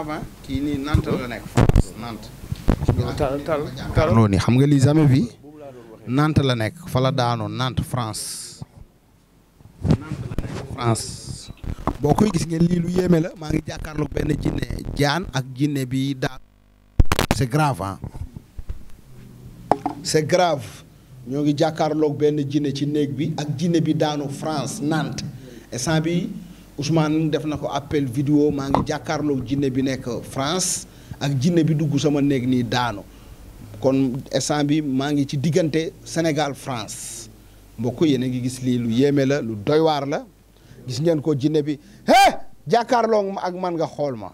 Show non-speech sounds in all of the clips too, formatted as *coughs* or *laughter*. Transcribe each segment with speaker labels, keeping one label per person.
Speaker 1: brave kii nii Nantes la nekk France Nantes. ni xam nga lii jamais bi nant la nekk fa la daanoo Nantes France. Nantes boo koy gis ngeen lii lu yéeme la maa ngi jàkkaarloog benn jinne jaan ak jinne bi daan. c'est grave ah. grave ñoo ngi jàkkaarloog benn jinne ci néeg bi ak jinne bi daanu France Nantes instant bi Ousmane def na ko appel vidéo maa ngi jàkkaarloo jinne bi nekk France ak jinne bi dugg sama néeg nii daanu kon instant bi maa ngi ci diggante Sénégal France mbokk yéen a ngi gis lii lu yéeme la lu doy la gis ngeen ko jinne bi hé jàkkaarloo ak man nga xool ma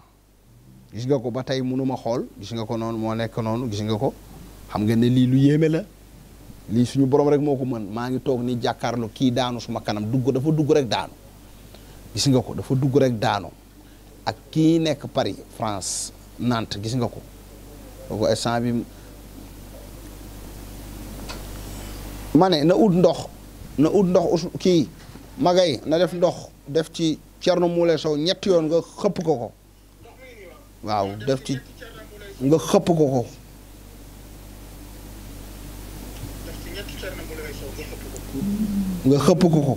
Speaker 1: gis nga ko ba tey mënuma xool gis nga ko noonu moo nekk noonu gis nga ko xam nga ne lii lu yéeme la lii suñu borom rek moo ko mën maa ngi toog nii jàkkaarloo kii daanu suma kanam dugg dafa dugg rek daanu gis nga ko dafa dugg rek daano ak kii nekk Paris France nant gis nga ko kooku instant bi ma na ut ndox na ut ndox us kii magay na def ndox def ci Thierno Moule Sow ñetti yoon nga xëpp ko ko waaw def ci nga xëpp ko ko nga xëpp ko ko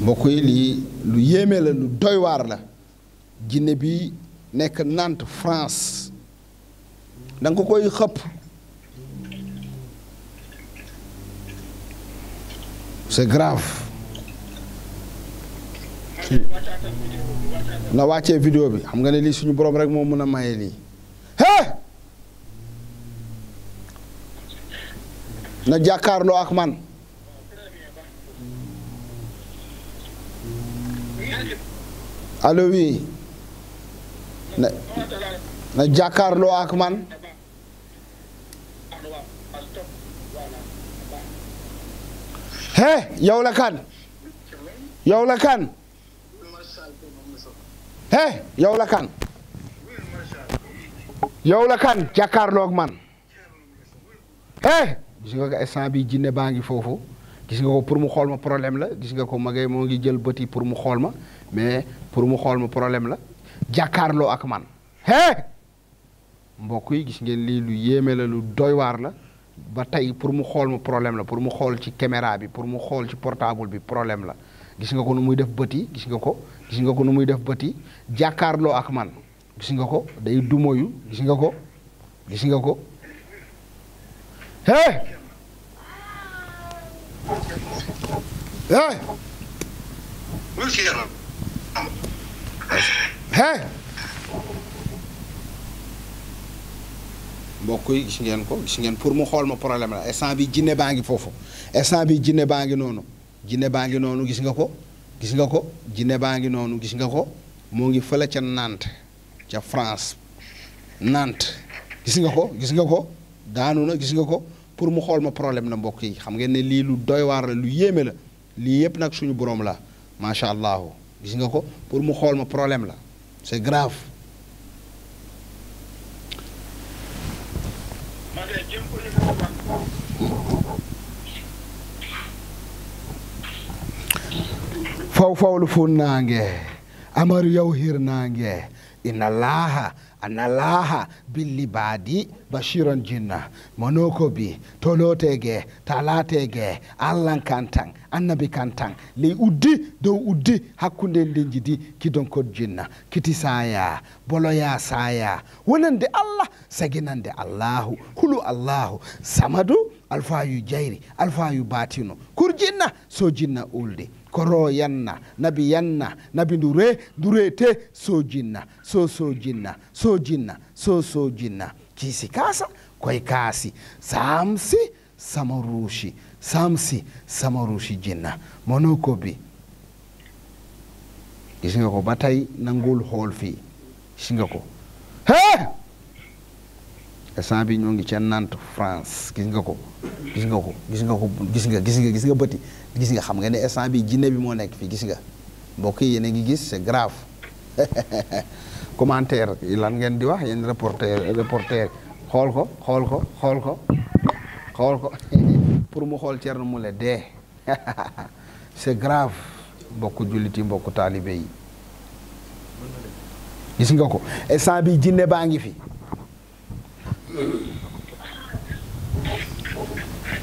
Speaker 1: mbokk yi lii lu yéeme la lu doywaar la jinné bi nekk nant France da nga koy xëpp c'est grave na wàccee vidéo bi xam nga ne lii suñu boroom rek moo mën a maye lii na jàkkaarloo ak man allo oui na na jàkkaarloo ak man he yow la kan yow la he yow la kan yow la kan jàkkaarloo ak man he gis nga ko instant bi jinne baa ngi foofu gis nga ko pour mu xool ma problème la gis nga ko magay moo ngi jël bëti pour mu xool ma mais pour mu xool mu problème la jàkkaarloo ak man hé mbokk yi gis ngeen lii lu yéeme la lu doy waar la ba tey pour mu xool mu problème la pour mu xool ci caméra bi pour mu xool ci portable bi problème la gis nga ko nu muy def bëti gis nga ko gis nga ko nu muy def bëti jàkkaarloo ak man gis nga ko day dumoyu gis nga ko gis nga ko hé hé hee mbokk yi gis ngeen ko gis ngeen pour mu xool ma problème la instant bi jinne baa ngi foofu instant bi jinne baa ngi noonu jinne baa ngi noonu gis nga ko gis nga ko jinne baa ngi noonu gis nga ko moo ngi fële ca nant ca France nant gis nga ko gis nga ko daanu na gis nga ko pour mu xool ma problème la mbokk yi xam ngeen ne lii lu doy waar la lu yéeme la lii yépp nag suñu boroom la macha allah. gis nga ko pour mu xool ma problème la c'est grave. faw faw lu fun naange amaru yow hir naange inna laaha analaha billi baadi bashiron jinna monokobi tolotege talatege allahn kan tan annabi kan ley uddi dow uddi hakkunde nden jidi kidonkod jinna kiti saya boloya allah saginande allahu hulu allahu samadu alfayu jayri alfayu batino kurjinna so jinna koroyanna nabiyanna nabindure durete sojinna so sojinna sojinna so sojinna kiisi kaasa koye kaasi samsi sama ruushi samsi sama ruushi jinna mono ko bi gisinga ko batay nangol hoolfi gisinga ko he e saabi ñongi cennanto france gisinga ko gisinga ko gisinga ko gisinga gisinga gisinga bati gis nga xam nga ne instant bi jinne bi moo nekk fii gis nga mbokk yi yéen a ngi gis c'est grave *laughs* commentaire lan ngeen di wax yéen reporter reporter xool ko xool ko xool ko xool ko *laughs* pour mu xool Thierno Moule dee *laughs* c'est grave mbokku jullit yi mbokku taalibe yi gis nga ko instant bi jinne baa ngi fi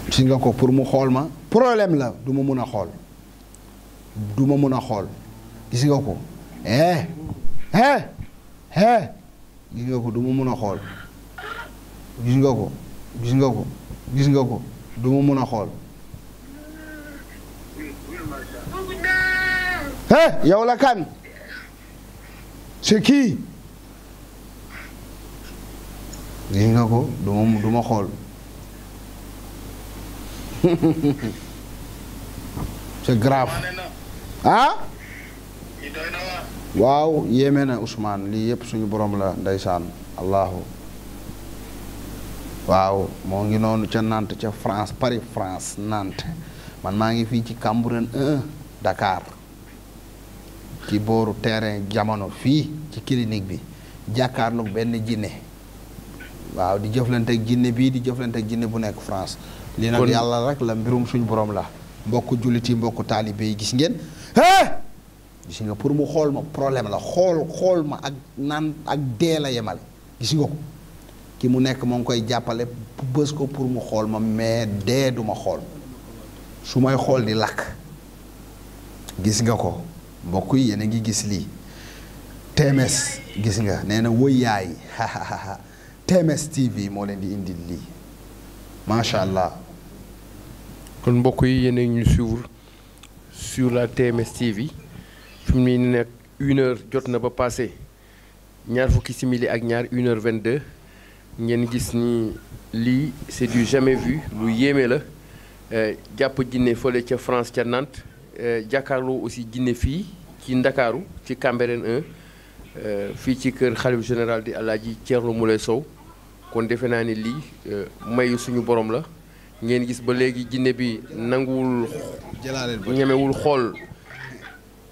Speaker 1: gis nga ko pour mu xool ma problème la duma ma mun a xool du ma mun a xool gis nga ko eh eh eh gis nga ko du ma mun a xool gis nga ko gis nga ko gis nga ko du ma mun a xool eh yow la kan c'est qui gis nga ko du ma du ma xool *laughs* ca grave ah waaw yéeme na Ousmane lii yëpp suñu boroom la ndeysaan allahu waaw moo ngi noonu ca Nantes ca France Paris France nant man maa ngi fii ci Cambérène 1 ci booru terrain jamono fii ci clinique bi jàkkaarloog benn jinne waaw di jëflante ak jinne bii di jëflante ak jinne bu nekk France li nag yàlla rek la mbirum suñ borom la mbokk jullit yi mbokk taalibe yi gis ngeen gis nga pour mu xool ma problème la xool xool ma ak naan ak dee la yemale gis nga ko ki mu nekk moo ngi koy jàppale bës ko pour mu xool ma mais dee duma xool su may xool di lakk gis nga ko mbokk yi yéen a ngi gis lii TMS gis nga nee na wëy yaay TMS *laughs* TV moo leen di indi lii
Speaker 2: macha allah kon mbokk yi yéen ñu suivre sur la TMS TV fi mu nii nekk une heure jot na ba passé ñaar fukki simili ak ñaar une heure vingt deux ngeen gis ni lii c'est du jamais vu lu yéeme la euh, jàpp jinne fële ca France ca Nantes euh, jàkkaarloo aussi jinne fii ci Ndakaaru ci Cambérène 1 euh, fii ci kër xalif général di Alaaji Thierno Moule Sow kon defe naa ni lii may suñu borom la ngeen gis ba léegi jinne bi nanguwul ñemewul xool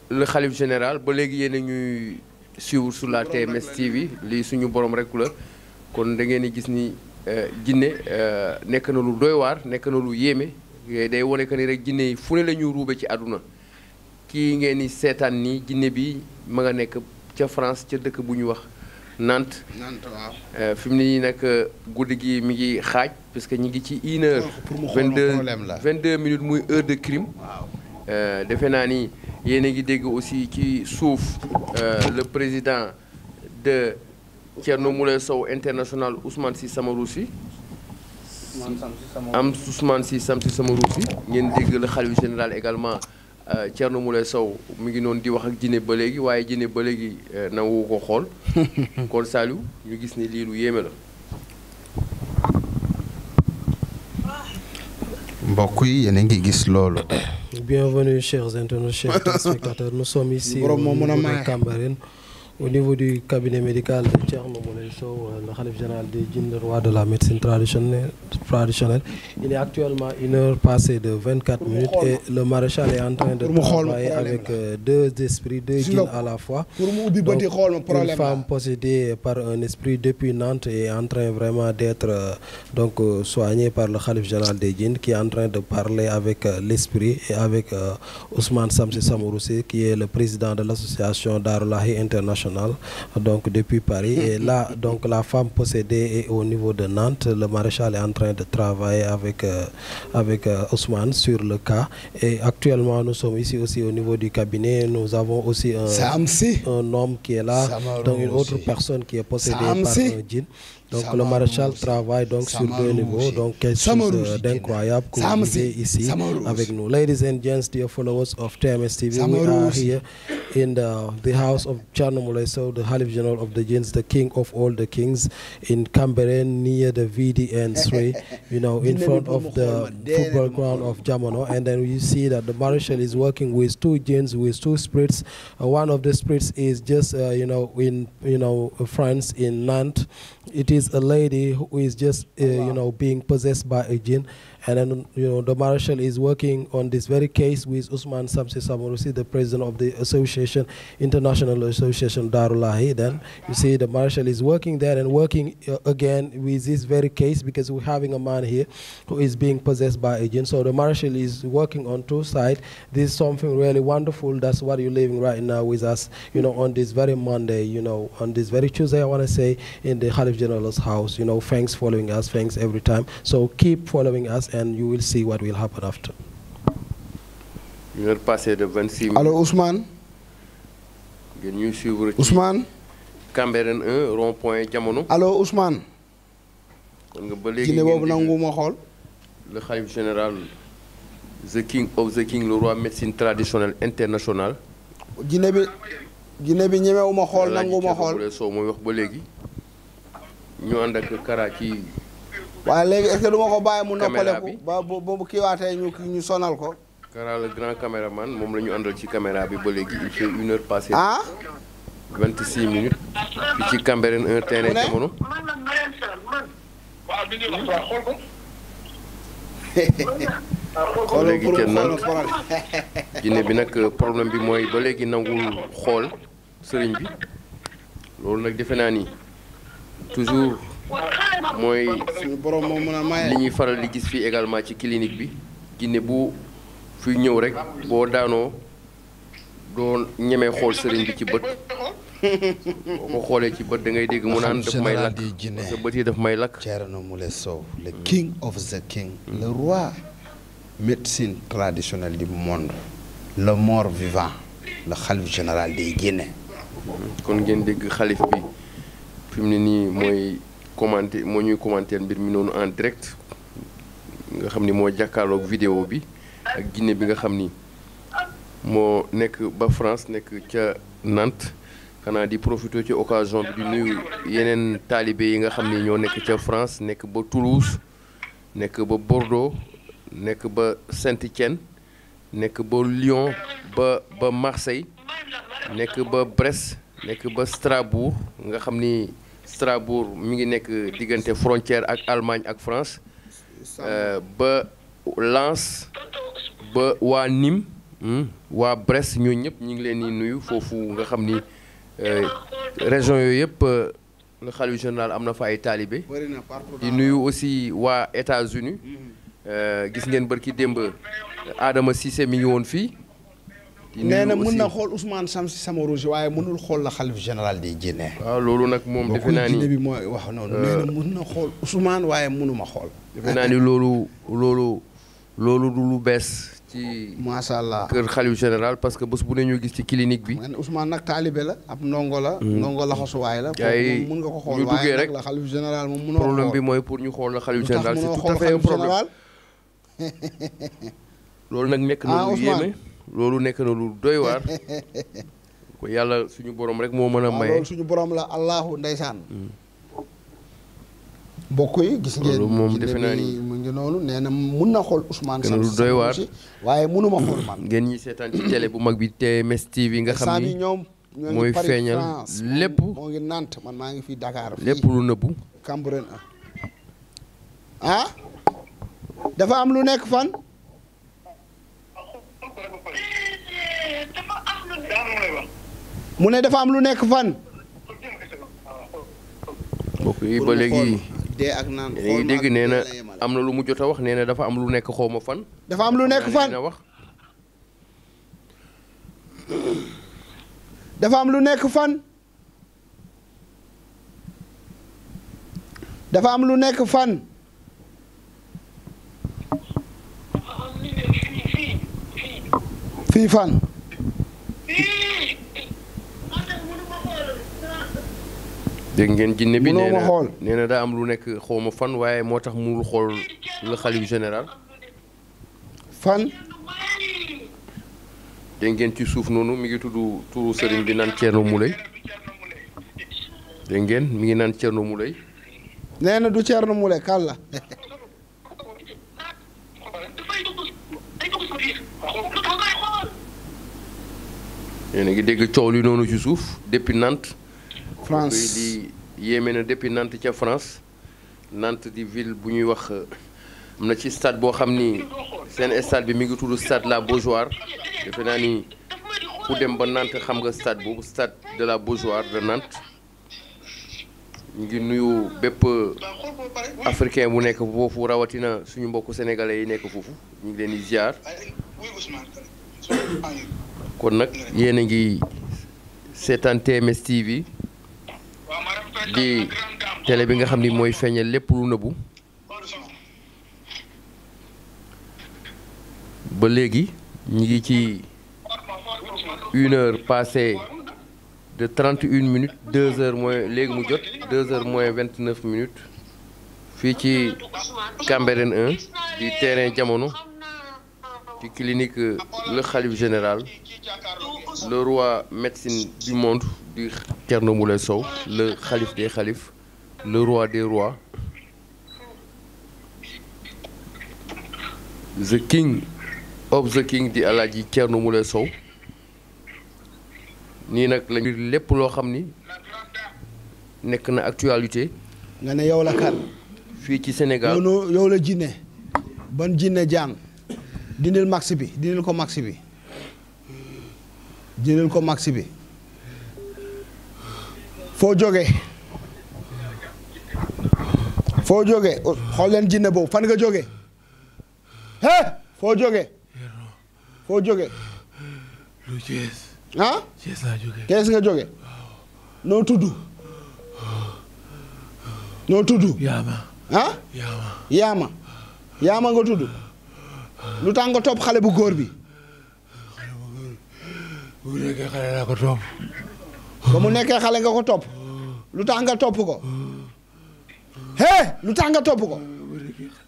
Speaker 2: le xalif général ba léegi yéen a ñuy suivre sur la TMS TV lii suñu borom rek la kon dangeen di gis ni euh, jinne euh, nekk na lu doy waar nekk na lu yéeme day wane que ni rek jinne yi fu ne la ñuy ruube ci àdduna kii ngeen di seetaan ni jinne bi ma nga nekk ca France ca dëkk bu ñu wax nant Nantes waaw. Euh, fi mu ne nag euh, guddi gi mi ngi xaaj parce que ñu ngi ci une pour mu xool problème la 22 muy heure de crime. waaw euh, defe naa ni yéen a ngi dégg aussi ci suuf le président de Thierno Moule Sow international Ousmane Sy Samaroussi. am Ousmane Sy Samsi Samaroussi ngeen dégg le xalifa général également. Euh, Thierno Moule Sow mu ngi noonu di wax ak Diné ba léegi waaye Diné ba léegi euh, nangu ko xool *laughs* kon Saliou ñu gis ni lii lu yéeme la.
Speaker 1: mbokk yi yéen a ngi gis loolu.
Speaker 3: *coughs* bienvenue chers internautes chers *laughs* téléspectateurs nous sommes ici au Cambérène. Au niveau du cabinet médical de Thierno Moulé Sow, euh, le khalife la médecine traditionnelle, traditionnelle, il est actuellement une heure de 24 minutes et le maréchal est en train de travailler avec euh, deux esprits, à la fois. Donc, une femme possédée par un esprit depuis Nantes est en train vraiment d'être euh, donc soignée par le khalife des djinns qui est en train de parler avec l'esprit et avec Ousmane Samsi Samouroussi qui est le président de l'association Darulahi International. nationale, donc depuis Paris. Et là, donc la femme possédée est au niveau de Nantes. Le maréchal est en train de travailler avec, euh, euh sur le cas. Et actuellement, nous sommes ici au niveau du cabinet. Nous avons aussi un, homme qui est là, donc une autre personne qui est possédée par un djinn. Donc le maréchal travaille donc sur deux niveaux, donc quelque Sama chose euh, d'incroyable que ici avec nous. Ladies and gents, dear followers of TMS TV, we are in the, the house of Chanamulai, so the Halif General of the Jinns, the king of all the kings, in Camberen near the VDN Sri, *laughs* you know, in front of the football ground of Jamono. And then you see that the Marshal is working with two Jinns, with two spirits. Uh, one of the spirits is just, uh, you know, in you know France, in Nantes. It is a lady who is just, uh, oh, wow. you know, being possessed by a Jinn. And then, you know, the Marshal is working on this very case with Usman Samsi Samurusi, the president of the association, International Association Darulahi. Then you see the Marshal is working there and working uh, again with this very case because we're having a man here who is being possessed by agents. So the Marshal is working on two sides. This is something really wonderful. That's what you're living right now with us, you know, on this very Monday, you know, on this very Tuesday, I want to say, in the Khalif General's house. You know, thanks following us, thanks every time. So keep following us and you will see what de
Speaker 2: 26. allo Ousmane. ngeen ñuy suivre. jamono. allo Ousmane. kon nga ba léegi boobu xool. le khalife général. the king of the king le roi
Speaker 1: jinne bi jinne bi ñemewu xool nangu ma xool.
Speaker 2: soo mooy wax ba léegi. ñu ànd ak Kara ci. waaye léegi est-ce que du ma ko bàyyi mu
Speaker 1: ba boobu kiiwaatee ñu ñu sonal ko
Speaker 2: Kara le grand caméraman moom la ñu àndal ci caméra bi ba léegi il fait une heure passée ah 26 minutes fi ci Cambérène un terrain jamono *laughs*
Speaker 1: ba léegi kenn
Speaker 2: *laughs* bi nag euh, problème bi mooy ba léegi nangul xool sëriñ bi loolu nag defe naa ni toujours mooy suñu borom moo mën a maye li ñuy faral di gis fii également ci clinique bi ginne bu fuy ñëw rek boo daanoo doo ñemee xool sëriñ bi ci bët boo ko xoolee ci bët da ngay dégg mu naan daf may lakk parce que yi daf may lakk Thierno Moule Sow le mm. king
Speaker 1: of the king mm. le roi
Speaker 2: médecine traditionnelle du monde le mort vivant le xalif général mm. kon ngeen dégg xalif bi fi ne nii mooy commenté moo ñuy commenté mbir mi noonu en direct nga xam ni moo jàkkaarloog vidéo bi ak Guinée bi nga xam ni moo nekk ba France nekk ca nant xanaa di profité ci occasion bi di nuyu yeneen taalibe yi nga xam ni ñoo nekk ca France nekk ba Toulouse nekk ba Bordeaux nekk ba Saint-Étienne nekk ba Lyon ba ba Marseille nekk ba Brest nekk ba Strasbourg nga xam ni. Strasbourg mi ngi nekk diggante frontière ak Allemagne ak France euh, ba Lens ba waa Nîmes hmm, waa Brest ñoo ñëpp ñu ngi leen di nuyu foofu nga xam ni euh, région yooyu yëpp euh, le xalifa général am na fa ay taalibe di nuyu aussi waa États-Unis mhm. gis ngeen bërki démb Adama Cissé mi ngi woon fii nee na mën na
Speaker 1: xool Ousmane Samsi Samarouge waaye mënul xool la xalif général di jinne loolu nag moom defe naa ni bi mooy wax noonu na euh, mën na xool Ousmane waaye mënuma xool defe ni
Speaker 2: loolu loolu loolu du lu bees
Speaker 1: ci macha allah
Speaker 2: kër xalif parce que bés bu ne gis ci clinique bi man Ousmane
Speaker 1: nag taalibe la ab ndongo la mm. ndongo la xasuwaay la ay mën nga ko xool rek la xalif général moom mënoo problème bi mooy pour ñu xool la xalif général c'est tout à fait *laughs*
Speaker 2: loolu nag nekk na lu ah, yéeme loolu nekk na lu doy waar. *laughs* ko yàlla suñu boroom rek moo mën a. maye loolu
Speaker 1: suñu boroom la allahu ndeysaan. Mm. bokk yi gis ngeen. moom defe naa ni mu ngi noonu nee na mun na xool Ousmane. sant lu doy waar
Speaker 2: waaye munuma xool *clears throat* ngeen ñi seetaan ci bu mag bi TMS TV nga xam ni ñoom. mooy feeñal lépp
Speaker 1: moo ngi Nantes man maa ngi fii Dakar. lépp lu nëbbu. Cambérène ah. dafa am lu nekk fan. mu ne dafa am lu nekk fan.
Speaker 2: mbokk yi ba léegi. dee ak naan xool dégg nee na am na lu mu jot a wax nee na dafa am lu nekk xaw ma fan. dafa
Speaker 1: am lu nekk fan wax. dafa am lu nekk fan. dafa am lu nekk fan. fii fan.
Speaker 2: dégg ngeen jinne bi nee nee na daa am lu nekk xawma fan waaye moo tax mu xool la xalif général. fan. dégg ngeen ci suuf noonu mi ngi tudd turu sëriñ bi naan Thierno Moulay. dégg ngeen mi ngi naan Thierno Moulay.
Speaker 1: nee na du Thierno Moulay kàlla. *laughs*
Speaker 2: yéen a ngi dégg coow li noonu ci suuf depuis nant France di yéeme na depuis nant ca France. nant di ville bu ñuy wax euh, am na ci stade boo xam ni seen stade bi mi ngi tudd stade la Beaujoire defe naa ni ku dem ba nant xam nga stade boobu stade de la Beaujoire de nant ñu ngi nuyu bépp euh, africain bu nekk foofu rawatina suñu mbokku sénégalais yi nekk foofu ñu ngi leen di ziar. kon nag yéen a ngi seetaan TMS TV di tele bi nga xam ni mooy feeñal lépp lu nëbbu ba léegi ñu ngi ci une heure passée de trente une minutes deux heures moins léegi mu jot deux heures moins vingt neuf minutes fii ci Cambérène 1 di terrain jamono ci clinique euh, le xalif général. le roi médecine du monde di Thierno Moulé Sow le xalif des xalifs le roi des rois the king of the king di Alaaji Thierno Moulé Sow nii nag lañu lépp loo xam ni nekk na actualité.
Speaker 1: nga ne yow la kan.
Speaker 2: fii ci Sénégal
Speaker 1: yow la jinne ban jinne jàng dindil max bi dindil ko max bi. jëlal ko max bi foo jógee foo jógee xool leen jinne boobu fan ga jógee hé foo jógee foo jógee ah kees nga jógee noo tudd noo tudd yaama ah yaama yaama nga tudd lu tax nga topp xale bu góor bi
Speaker 4: bu mu nekkee ko topp.
Speaker 1: mu nekkee xale nga ko topp. lu tax nga topp ko. hee lu tax nga topp ko.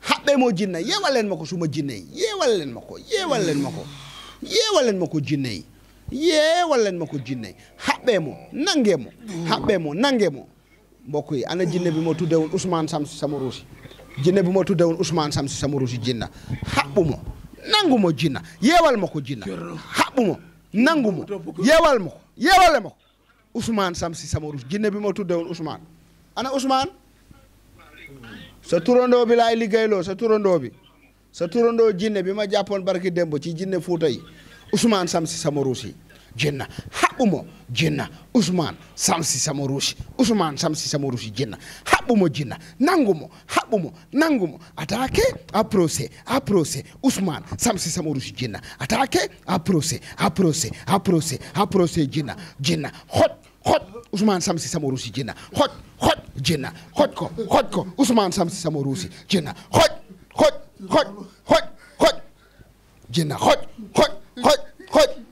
Speaker 1: xàppee moo jinne yeewal leen ma ko suma jinne yi yeewal leen ma ko yeewal leen ma ko yeewal leen jinne yi leen ma ko jinne yi xàppee nangee moo. xàppee moo nangee moo. mbokk yi ana jinne bi ma tuddewoon Ousmane Sam si sama ruusi jinne bi ma tuddewoon Ousmane Sam si sama ruusi jinna xàppu ma nangu ma jinna yeewal ma ko jinna xàppu nangu ma yeewal ma ko ma ko sam si sama rus jinne bi ma tudde woon Ousmane ana Ousmane sa turandoo bi laay liggéeyloo sa turandoo bi sa turandoo jinne bi ma jàppoon barki démb ci jinne Fuuta yi sam si sama rus yi jenna haɓɓumo jenna ousmane samsi samo ruusi ousmane samsi samo ruusi jenna haɓɓumo jenna nangumo haɓɓumo nangumo atake a procé a procé ousmane samsi samo ruusi jenna atake a procé a procé a procé a procé jenna jenna hot hot ousmane samsi samo ruusi jenna hot hot jenna hot ko hot ko ousmane samsi samo ruusi jenna hot hot hot hot hot jenna hot hot hot hot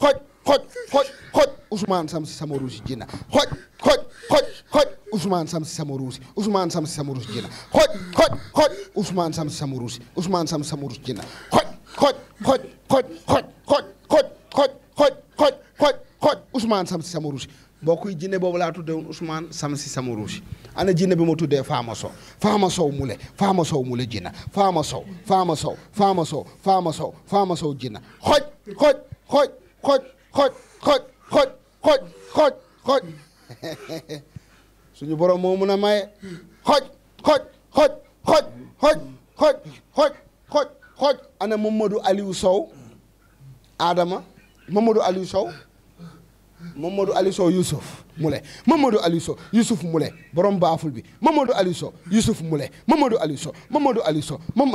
Speaker 1: xoj xoj xoj xoj Ousmane Sam si sama ruusi jinna xoj xoj xoj xoj Ousmane Sam si sama ruusi Ousmane Sam si sama ruusi jinna xoj xoj xoj Ousmane Sam si sama ruusi Ousmane Sam si sama ruusi jinna xoj xoj xoj xoj xoj xoj xoj xoj xoj xoj xoj xoj Ousmane Sam si sama ruusi mbokk yi jinne boobu laa tuddee woon Ousmane Sam si sama ruusi ana jinne bi ma tuddee Faama Sow Faama Sow mu le Faama Sow mu le jinna Faama Sow Faama Sow Faama Sow Faama Sow Faama Sow jinna xoj xoj xoj xoj xoj xoj xoj xoj xoj xoj suñu borom moo mun a maye xoj xoj xoj xoj xoj xoj xoj xoj xoj ana Mamadou Aliou Sow Adama Mamadou Aliou Sow Mamadou Aliou Sow Youssouf Moulé Mamadou Aliou Sow Youssouf Moulé borom baaful bi Mamadou Aliou Sow Youssouf Moulé Mamadou Aliou Sow Mamadou Aliou Sow mam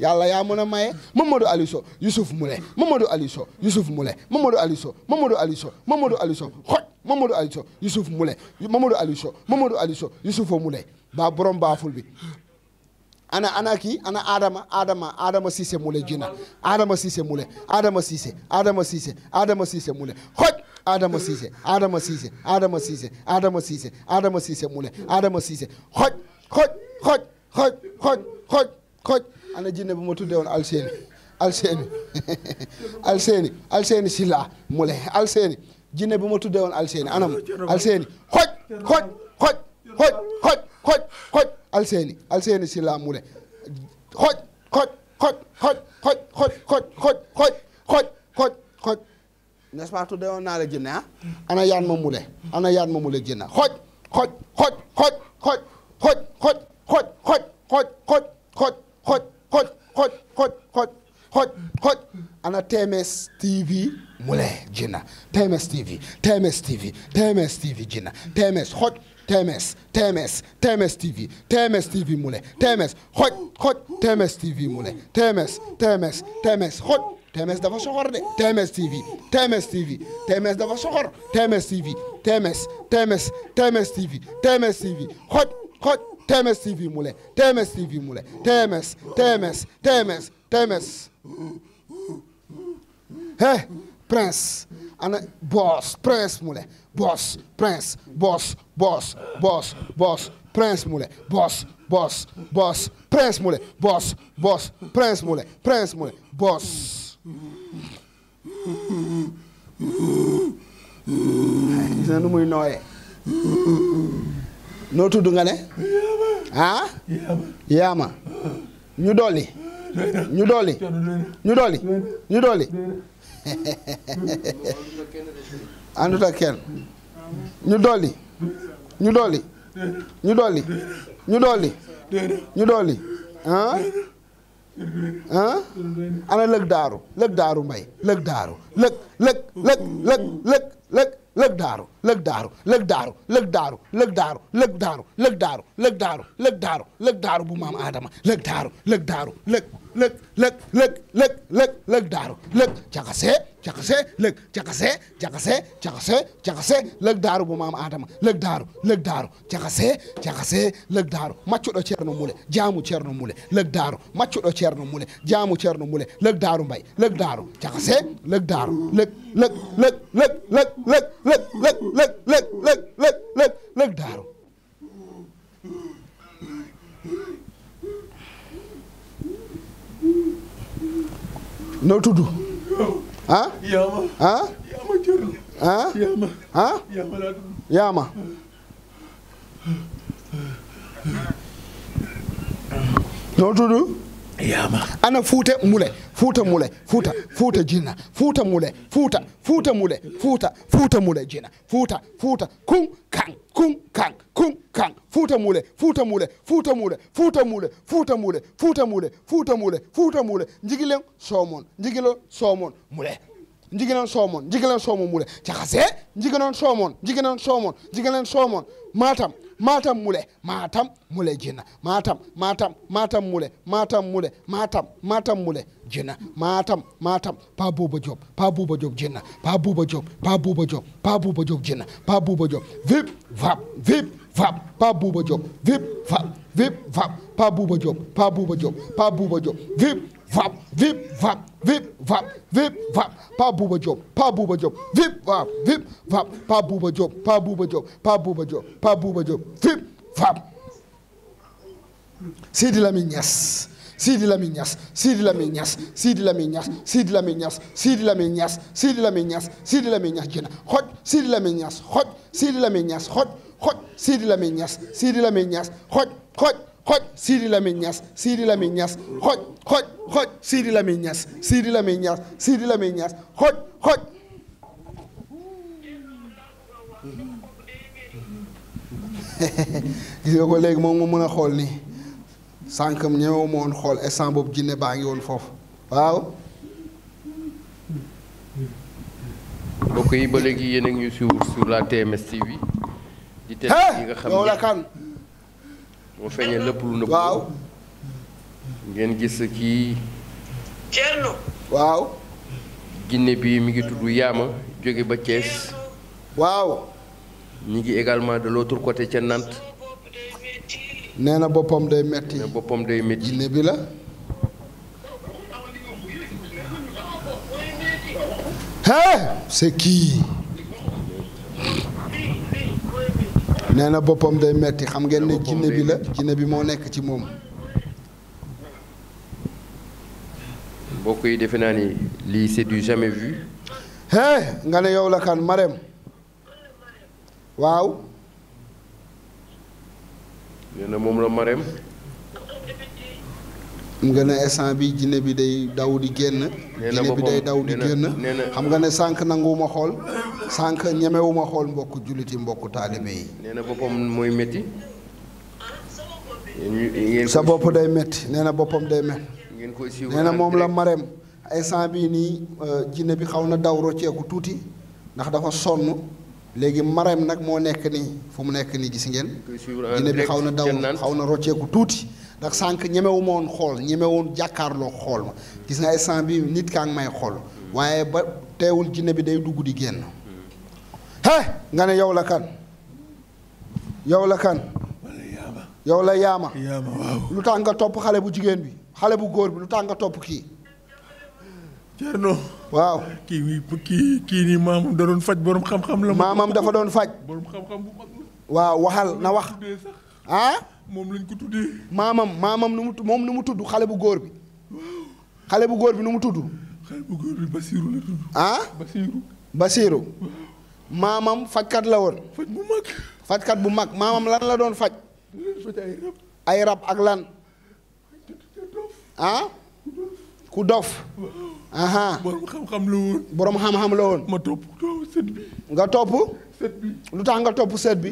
Speaker 1: yàlla yaa mën a maye Mamadou Aliou Sow Youssouf Moulé Mamadou Aliou Sow Youssouf Moulé Mamadou Aliou Sow Mamadou Aliou Sow Mamadou Aliou Sow xoj Mamadou Aliou Sow Youssouf Moulé Mamadou Aliou Sow Mamadou Aliou Sow Youssouf Moulé ba borom baaful bi ana ana kii ana Adama Adama Adama Cissé Moulé jina Adama Cissé Moulé Adama Cissé Adama Cissé Adama Cissé Moulé xoj Adama Cissé Adama Cissé Adama Cissé Adama Cissé Adama Cissé Moulé Adama Cissé xoj xoj xoj xoj xoj xoj xoj ana jinne bu ma tuddee woon Alseeni Alseeni Alseeni Alseeni Silla Moulé Alseeni jinne bu ma tuddee woon Alseeni anam Alseeni xoj xoj xoj xoj xoj xoj xoj alseeni alseeni si laa mu ne xoj xoj xoj xoj xoj xoj xoj xoj xoj xoj xoj xoj n'est-ce pas tuddee woon naa la jinne ah ana yaan ma mule ana yaan ma mule jinne xoj xoj xoj xoj xoj xoj xoj xoj xoj xoj xoj xoj xoj xoj xoj xoj xoj xoj xoj ana TMS TV mule jinne TMS TV TMS TV TMS TV jinne TMS xoj TMS TMS TMS TV TMS TV mu le TMS xoj xoj TMS TV mu le TMS TMS TMS xoj TMS dafa soxor de TMS TV TMS TV TMS dafa soxor TMS TV TMS TMS TMS TV TMS TV xoj xoj TMS TV mu le TMS TV mu le TMS TMS TMS TMS. Hey Prince. ana boos prince mu le boos prince boos boos boos boos prince mu le boos boos boos prince mu le boos boos prince mu le prince mu le boos nu muy nooyee noo tudd nga ne ah yaama ñu dolli ñu dolli ñu dolli àndut ak kenn ñu dolli ñu dolli ñu dolli ñu dolli ñu dolli ah ah ana lëg daaru lëg daaru mbay lëg daaru lëg lëg lëg lëg lëg lëg lëg daaru lëg daaru lëg daaru lëg daaru lëg daaru lëg daaru lëg daaru lëg daaru lëg daaru lëg daaru bu maam Adama lëg daaru lëg daaru lëg lëg lëg lëg lëg lëg lëg daaru lëg jaxase jaxase lëg jaxase jaxase jaxase jaxase lëg daaru bu maam Adama lëg daaru lëg daaru jaxase jaxase lëg daaru maccuɗo ceerno mule jaamu ceerno mule lëg daaru maccuɗo ceerno mule jaamu ceerno mule lëg daaru mbay lëg daaru jaxase lëg daaru lëg lëg lëg lëg lëg lëg lëg lëg lëg lëg lëg lëg lëg lëg daaru noo tudd. ah. yaama ah. yaama ah? ah? Thierno. yaama ana fuute mule fuuta mule fuuta fuuta jina fuuta mule fuuta fuuta mule fuuta fuuta mule jina fuuta fuuta kun kan kun kan kun kan fuuta mule fuuta mule fuuta mule fuuta mule fuuta mule fuuta mule fuuta mule fuuta mule njigilen soomon njigilen soomon mule njigilen soomon njigilen soomon mule jaxase njigilen soomon njigilen soomon njigilen soomon maatam Matam Moule Matam Moule Jina Matam Matam Matam Moule Matam Moule Matam Matam Moule Jina Matam Matam Pa Bouba Diop Pa Bouba Diop Jina Pa Bouba Diop Pa Bouba Diop Pa Bouba Diop Jina Pa Bouba Diop vip vap vip vap Pa Bouba Diop vip vap vip vap Pa Bouba Diop Pa Bouba Diop Pa Bouba Diop vip vap vip vap vip vap vip vap Pa Bouba Diop Pa Bouba Diop vip vap vip vap Pa Bouba Diop Pa Bouba Diop Pa Bouba Diop Pa Bouba Diop vip vap Sidi Lamine Niass Sidi Lamine Niass Sidi Lamine Niass Sidi Lamine Niass Sidi Lamine Niass Sidi Lamine Niass Sidi Lamine Niass Sidi Lamine Niass jëna xoj Sidi Lamine Niass xoj Sidi Lamine Niass xoj xoj Sidi Lamine Niass Sidi Lamine Niass xoj xoj xoj Sidi Lamine Niass Sidi Lamine Niass xoj xoj xoj Sidi Lamine Niass Sidi Lamine Niass Sidi Lamine Niass xoj xoj gis *laughs* nga ko léegi moom mu mën a xool nii sànq ñëw ma xool instant boobu jinne baa ngi woon foofu waaw
Speaker 2: mbokk yi ba léegi yéen a ngi ñu suivre sur la TMS TV di test yi nga xam ne moo feeñee lépp lu nëbb waaw ngeen gis kii
Speaker 1: Cerno waaw
Speaker 2: jinne bi mi ngi tudd Yaama jóge ba Thiès waaw ñu ngi également de l'autre côté ca nant nee na boppam day metti na boppam day metti jinne bi la
Speaker 1: hee c'est kii nee na boppam day metti xam ngeen ne jinne bi la jinne bi moo nekk ci moom
Speaker 2: mbokk yi defe naa ni li c'est du jamais vu
Speaker 1: hé nga ne yow la kan Marème waaw
Speaker 2: nee moom la Marème
Speaker 1: xam nga ne instant bi jinne bi day daw di génn. jinne bi day daw di génn xam nga ne sànq nanguwuma xool sànq ñemewuma xool mbokk jullit yi mbokk taalibe yi.
Speaker 2: nee na boppam mooy métti. sa bopp day
Speaker 1: metti nee na boppam day métti.
Speaker 2: ngeen koy nee na moom la
Speaker 1: mareem instant bi nii euh, jinne bi xaw na daw rocceeku tuuti ndax dafa sonn. léegi maram nag moo nekk ni fu mu nekk nii gis ngeen
Speaker 2: jinne bi xaw na daw xaw na
Speaker 1: rocceeku tuuti ndax sànq ñemewu woon xool ñemewoon jàkkaarloo xool ma gis nga instant bi nit kaa ngi may xool waaye ba teewul jinne bi day dugg di génn he nga ne yow la kan yow la kan yow la yaama lu tax nga topp xale bu jigéen bi xale bu góor bi lu tax nga topp kii Cerno waaw kii kii kii nii maamam da doon faj borom xam-xam la maamam dafa doon faj borom xam waaw waxal na wax moom lañ ko tuddee. maamam maamam nu mu moom nu mu tudd xale bu góor bi. xale bu góor bi nu mu tudd. ah Basiiru. maamam fajkat la woon. bu mag. fajkat bu mag maamam lan la doon faj. ay rab ak lan. ah. ku dof. aha borom xam-xam la woon. borom xam-xam la woon. nga topp. lu tax nga topp seet bi.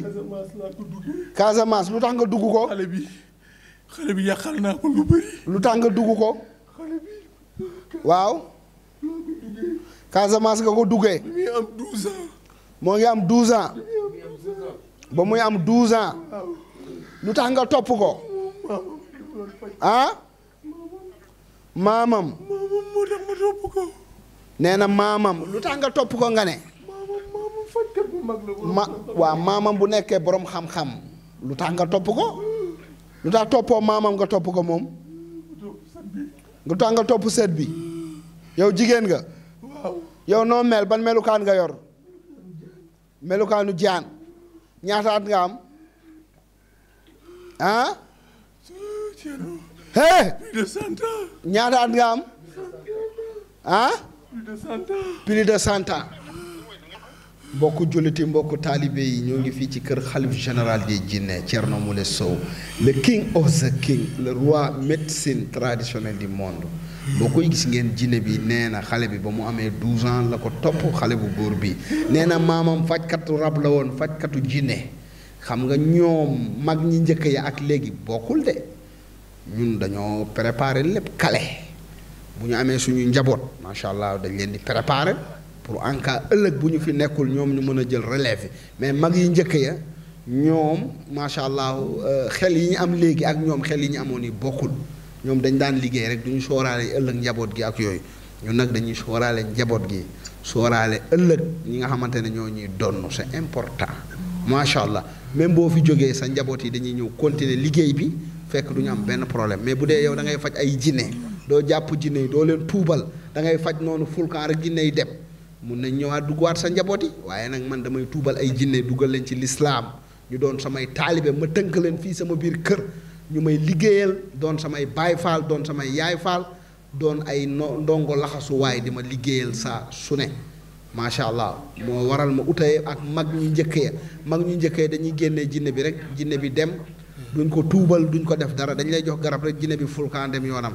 Speaker 1: Casamance lu tax nga dugg ko. xale bi xale bi yàqal lu bëri. tax nga dugg ko. waaw. Casamance nga ko duggee. moo am 12 ans. ba muy am 12 ans. lu tax nga topp ko. ah. maamam.
Speaker 4: maamam
Speaker 1: na maamam lu tax nga topp ko nga ne.
Speaker 4: ma waaw maamam
Speaker 1: bu nekkee borom xam-xam lu tax nga topp ko lu tax toppoo maamam nga topp ko moom lu tax nga topp seet bi yow jigéen nga yow noo mel ban melukaan nga yor melukaanu jaan ñaata at nga am hee ñaata at nga am ah de cent mbokk julliti mbokku taalibe yi ñoo ngi fii ci kër xalif général des jinne Thierno Moule Sow le king of the king le roi médecine traditionnelle du monde boo koy gis ngeen jinne bi nee na xale bi ba mu amee 12 ans la ko topp xale bu góor bi nee na maamam fajkatu rab la woon fajkatu jinne xam nga ñoom mag ñi njëkk yi ak léegi bokkul de ñun dañoo préparer lépp kale bu ñu amee suñu njaboot macha allah dañ leen di préparer. pour en ëllëg bu ñu fi nekkul ñoom ñu mën a jël releve yi mais mag yi njëkk ya ñoom macha allah euh, xel yi ñu am léegi ak ñoom xel yi ñu amoon yi bokkul ñoom dañ daan liggéey rek du ñu sooraale ëllëg njaboot gi ak yooyu ñun nag dañuy sooraale njaboot gi sooraale ëllëg ñi nga xamante ne ñoo ñuy donn c'est important macha allah même boo fi jógee sa njaboot yi dañuy ñëw continuer liggéey bi fekk du am benn problème mais bu dee yow dangay faj ay jinne doo jàpp jinne yi doo leen tuubal da ngay faj noonu fulkan rek dem mun nañ ñëwaat duggaat sa njaboot yi waaye nag man damay tuubal ay jinne dugal leen ci lislaam ñu doon samay taalibe ma tënk leen fii sama biir kër ñu may liggéeyal doon samay baay faal doon samay yaay faal doon ay no ndongo laxasuwaay di ma liggéeyal saa su ne macha allah moo waral ma utee ak mag ñu njëkk ya mag ñu njëkk ya dañuy génne jinne bi rek jinne bi dem duñ ko tuubal duñ ko def dara dañ lay jox garab rek jinne bi fulkaan dem yoonam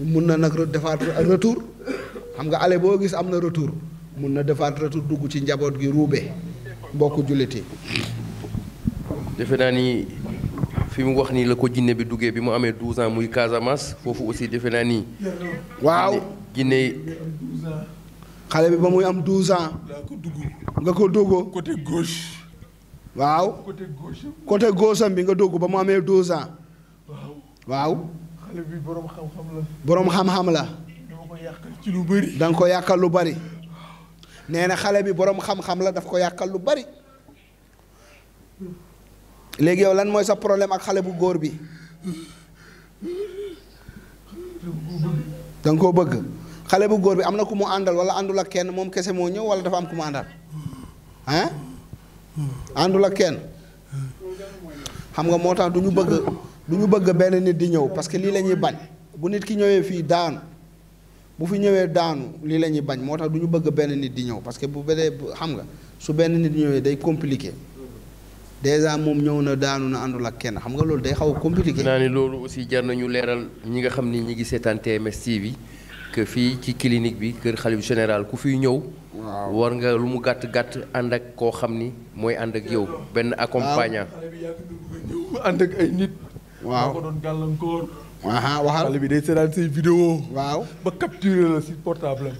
Speaker 1: mun na nag defaat retour xam nga ale boo gis am na retour mun na defaat retu dugg ci njaboot gi ruube mbokk jullit
Speaker 2: defe naa ni fi mu wax nii la ko jinne bi duggee bi mu amee 12 ans muy Casamance foofu aussi defe naa nii waaw jinne
Speaker 1: xale bi ba muy am 12 ans nga ko dugg côté gauche waaw côté goosam bi nga dugg ba mu amee 12 ans waaw
Speaker 4: xale bi borom xam-xam la borom xam
Speaker 1: ko yàqal lu bari nee na xale bi boroom xam-xam la daf ko yàqal lu bari léegi yow lan mooy sa problème ak xale bu góor bi danga koo bëgg xale bu góor bi am na ku mu àndal wala àndul ak kenn moom kese moo ñëw wala dafa am ku mu àndal ah àndul ak kenn xam nga moo tax du ñu bëgg du ñu bëgg benn nit di ñëw parce que lii la ñuy bañ bu nit ki ñëwee fii daanu bu fi ñëwee daanu lii la bañ moo tax duñu ñu bëgg benn nit di ñëw parce que bu benee xam su benn nit ñëwee day compliqué dèjà moom ñëw na daanu na àndul ak kenn xam nga loolu day xaw a compliqué.
Speaker 2: naa ne loolu aussi jar nañu leeral ñi nga xam ni ñi ngi seetaan TMS TV que fii ci clinique bi kër xalif général ku fiy ñëw. waaw war nga lu mu gàtt gàtt ànd ak koo xam ni mooy ànd ak yow. benn accompagnant. waaw waxal xale bi day seetaan say vidéo
Speaker 4: waaw ba capturer la si portable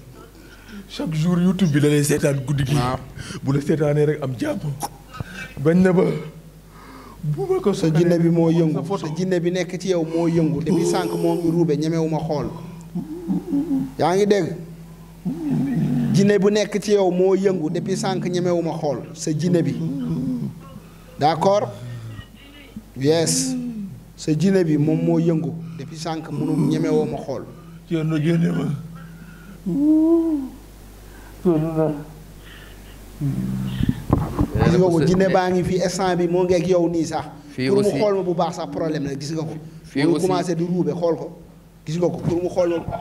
Speaker 4: chaque jour YouTube bi da lay seetaan guddi gi. bu la seetaanee rek am jàmm. bañ na ba. bu ma ko
Speaker 1: sa jinne bi moo yëngu sa jinne bi nekk ci yow moo yëngu depuis sànq moo ngi ruube ñemewuma xool. yaa ngi dégg. jinne bu nekk ci yow moo yëngu depuis sànq ñemewuma xool sa jinne bi. d'accord. yes. sa jinne bi moom moo yëngu depuis sànq mënu ñemewoo ma xool Thierno génne ma
Speaker 2: gis nga ko jinne baa
Speaker 1: ngi fi instant bi moo ngi yow nii sax pour mu xool ma bu baax sax problème la gis nga ko pour mu xool ko gis ko mu xool ma nga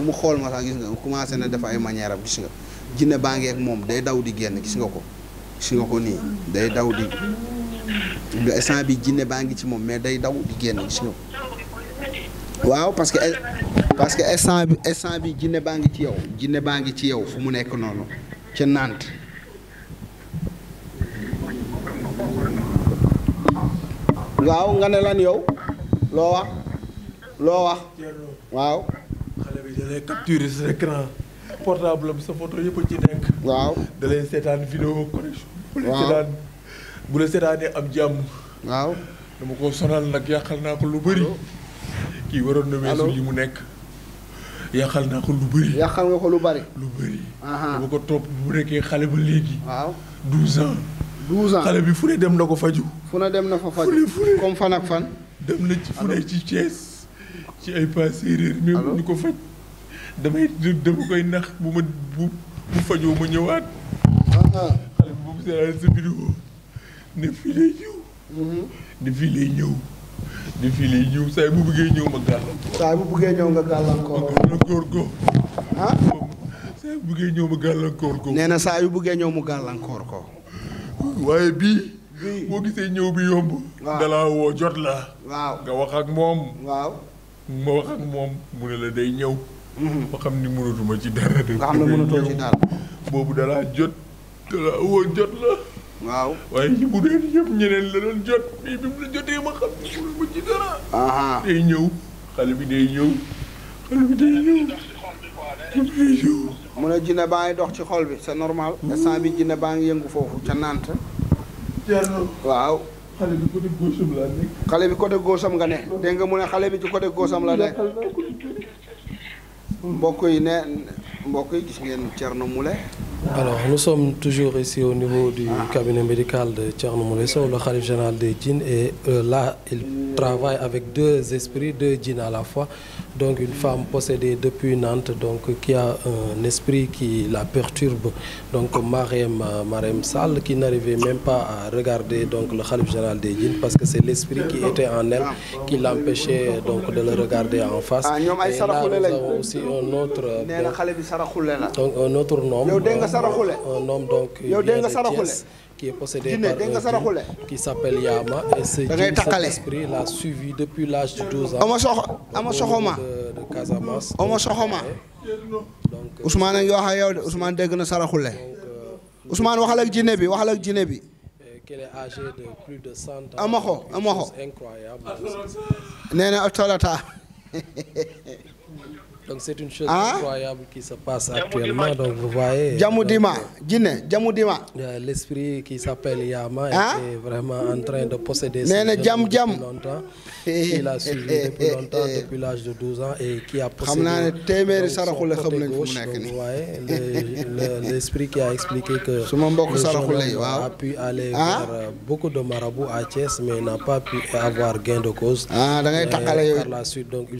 Speaker 1: mu xool ma sax gis nga commencé na def ay manière am gis nga jinne baa ngi moom day daw di génn gis nga ko gis nga ko nii day daw di nga instant bi jinne baa ngi ci moom mais day daw di génn gis nga waaw parce que parce que instant bi instant bi jinne baa ngi ci yow jinne baa ngi ci yow fu mu nekk noonu ca Nantes waaw nga ne lan yow loo wax loo wax waaw ci nekk waaw da waaw
Speaker 4: bu la seetaanee am jàmm. waaw dama ko sonal nag yàqal naa ko lu bëri. kii waroon na weesu li mu nekk. yàqal naa ko lu bëri. yàqal nga ko lu bari lu bëri. dama ko topp bu nekkee xale ba léegi. waaw douze ans. xale bi fu ne dem na ko faju fu ne dem na fa faju fu comme fan ak fan. dem na ci fu ne ci Thiès ci ay pas séeréer. mais mu ñu ko faj. damay dama koy nax bu ma bu bu fajoo ma ñëwaat. xale bi boobu seetaan sa vidéo ne fii lay ñëw. ne fii lay ñëw. ne fii lay bu bëggee ñëw ma
Speaker 1: gàllankoor. saa bu bëggee ñëw nga gàllankoor. ma gàllankoor ko. ah. saa yu bëggee ñëw ma gàllankoor ko. nee na saa yu bëggee ñëw mu gàllankoor ko. waaye bii.
Speaker 4: boo gisee ñëw bi yomb. waaw dalaa woo jot la. waaw nga wax ak moom. waaw ma la day ñëw. Mhm. ma xam ni mënatuma ci dara. nga xam ne mënatoo ci dara. boobu dalaa jot dalaa woo jot la. waaw waaye ñi mu doon yëpp ñeneen la doon jot bi mu la jotee ma xam ne mënul
Speaker 1: ma day bi day ñëw
Speaker 4: xale bi day ñëw
Speaker 1: day jinne baa ngi dox ci xol bi c'est normal instant bi jinne baa ngi yëngu foofu ca Nantes. Thierno waaw. xale
Speaker 4: bi côté góosam
Speaker 1: laa bi côté góosam nga ne. dégg nga mu ne xale bi ci côté góosam la nekk. mbokk yi ne mbokk yi gis ngeen Thierno Moulé.
Speaker 3: alors nous sommes toujours ici au niveau du ah. cabinet médical de Thierno Moulé Sow le khalife général des djinns et euh, là il travaille avec deux esprits deux djinns à la fois. donc une femme possédée depuis Nantes donc qui a un esprit qui la perturbe donc Marème Marème Sall qui n'arrivait même pas à regarder donc le khalife général des djinns parce que c'est l'esprit qui était en elle qui l'empêchait donc de le regarder en face ah, et là nous avons aussi un autre donc un autre homme euh, un homme donc qui est possédé par un euh, qui s'appelle Yama et ce cet esprit l'a suivi depuis l'âge de 12 ans. Ama soxo ama soxoma
Speaker 1: de Casamance. Ama a yow de dégg na saraxule euh, Ousmane waxal ak bi waxal ak jinne bi.
Speaker 3: qu'elle est âgée de plus de cent ans. ama *laughs* donc c'est une chose ah? incroyable qui se passe actuellement donc vous
Speaker 1: voyez. Djamoudima
Speaker 3: euh, Djiné euh, Djamoudima. l'esprit qui s'appelle Yama. ah est vraiment en de posséder. nee na jam jam depuis longtemps. Eh, il a eh, suivi eh, depuis longtemps depuis xam naa ne téeméeri saraxu la xam nañ fu mu nekk nii vous l'esprit qui a expliqué que. suma mbokk saraxu lay waaw a pu aller ah? euh, beaucoup de marabouts à Thiès mais n'a pas pu avoir gain de cause. ah takkale yooyu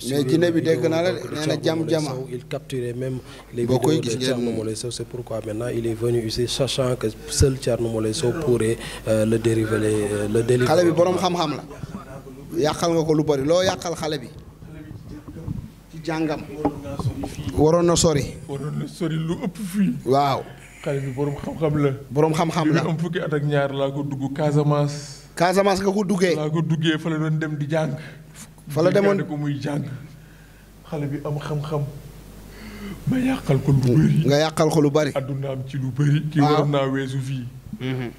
Speaker 3: mais Djiné bi dégg naa la nee jam jama il capturait même les vidéos de Thierno Moulé Sow c'est pourquoi maintenant euh, le dériver
Speaker 1: euh, xale bi boroom xam-xam la yàqal nga ko lu bari loo yàqal xale bi ci jàngam waroon na sori lu ëpp fii waaw bi boroom xam-xam la boroom xam-xam la am
Speaker 4: fukki laa ko dugg Casamance Casamance nga ko duggee laa ko duggee fa la doon dem di jàng fa la demoon xale bi am xam-xam. ma yàqal ko lu bëri. nga yàqal ko lu bari addunaam ci lu bëri. war naa mhm.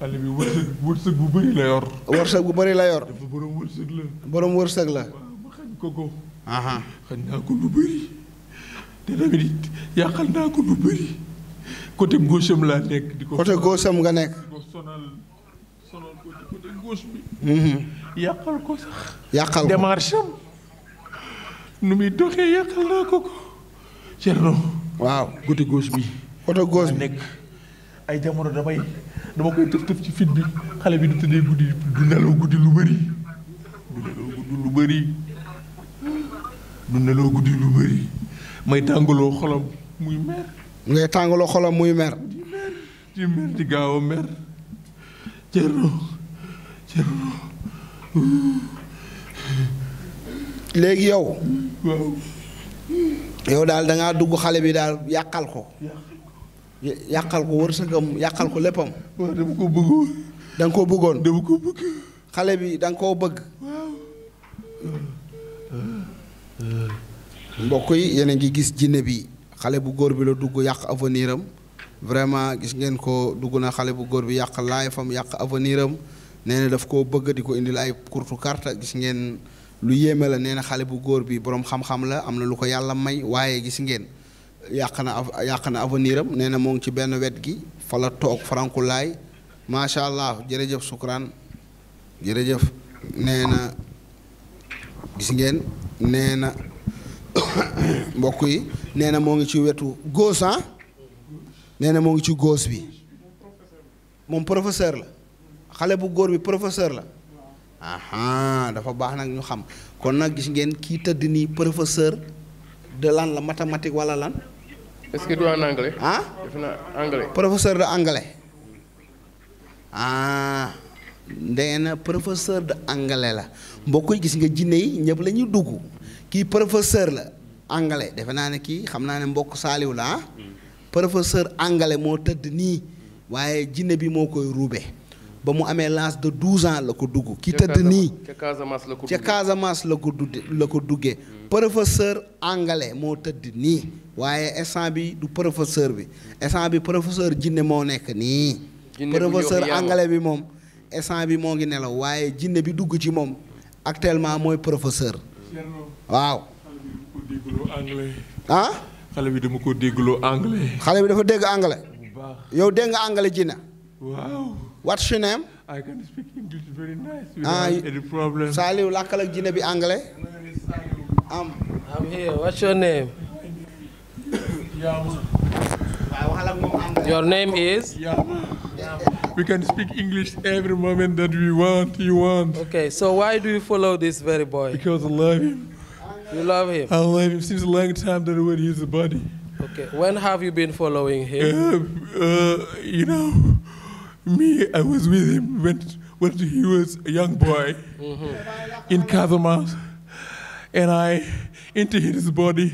Speaker 4: xale bi wërsëg wërsëg bu
Speaker 1: bari la yor. wërsëg bu bëri la yor. dafa borom wërsëg la. borom ko ko. xañ naa ko lu bëri. te tamit it yàqal ko di ko côté gauche am nga nekk. di ko sonal mhm.
Speaker 4: yàqal ko sax.
Speaker 1: yàqal ko démarche
Speaker 4: nu muy doxee yàqal naa ko ko. Thierno. waaw côté goos bi. côté goos bi nekk ay jamono damay dama koy tëf tëf ci fit bi xale bi du tëddee guddi du nelaw guddi lu bari lu bëri.
Speaker 1: du guddi lu bëri. may tàngaloo xolam muy mer. ngay tàngaloo xolam muy mer. di mer gaaw a mer. Thierno Thierno. léegi yow. yow daal da dugg xale bi daal yàqal ko. yàqal ko wërsëgam yàqal ko léppam. waaw ko bëggoon. da nga koo bëggoon. dama ko bëgg. xale bi danga nga koo bëgg. mbokk yi yéen a ngi gis jinne bi xale bu góor bi la dugg yàq aveniram am vraiment gis ngeen ko dugg na xale bu góor bi yàq laayfam yàq avenir am nee daf koo bëgg di ko indil ay kurtu carte gis ngeen. lu yéeme la nee na xale bu góor bi boroom xam-xam la am na lu ko yàlla may waaye gis ngeen yàq na yàq na avenir am nee na moo ngi ci benn wet gi fala la toog farankulaay macha allah jërëjëf sukran jërëjëf nee na gis ngeen nee na *coughs* mbokk yi nee na moo ngi ci wetu góosa ah nee moo ngi ci góos bi moom professeur la xale bu góor bi professeur la aha dafa baax nag ñu xam kon nag gis ngeen kii tëdd nii professeur de lan la mathématique wala lan. est-ce
Speaker 2: ah def na anglais.
Speaker 1: professeur de anglais ah ndee la mbokk yi gis nga jinne yi ñëpp lañuy dugg kii professeur la anglais defe naa ne kii xam naa ne mbokk saaliw la ah. Hmm. professeur anglais moo tëdd nii waaye jinne bi moo koy ruube. ba mu amee lance de douze ans la ko dugg ki tëdd nii ca Casamance la ko dugg la ko duggee professeur anglais moo tëdd nii waaye instant bi du professeur bi instant bi professeur jinne moo nekk nii professeur anglais bi moom instant bi moo ngi nelaw waaye jinne bi dugg ci moom actuellement mooy professeur waaw ah xale bi dama ko déggloo bi dafa dégg anglais yow dégg nga anglais jinne What's your name?
Speaker 4: I can speak English very nice
Speaker 1: ah, without uh, any problem. Saliou lakkal ak jinne bi anglais. am I'm here. What's your name? Yama.
Speaker 3: Your name is? Yama. We can speak English every moment that we want, you want. Okay, so why do you follow this very boy? Because I love him. You love him? I love
Speaker 4: him since a long time that when he's a buddy.
Speaker 3: Okay, when have you been following him?
Speaker 4: Uh, uh, you know. me, I was with him when, when he was a young boy mm -hmm. in Casamance, and I entered his body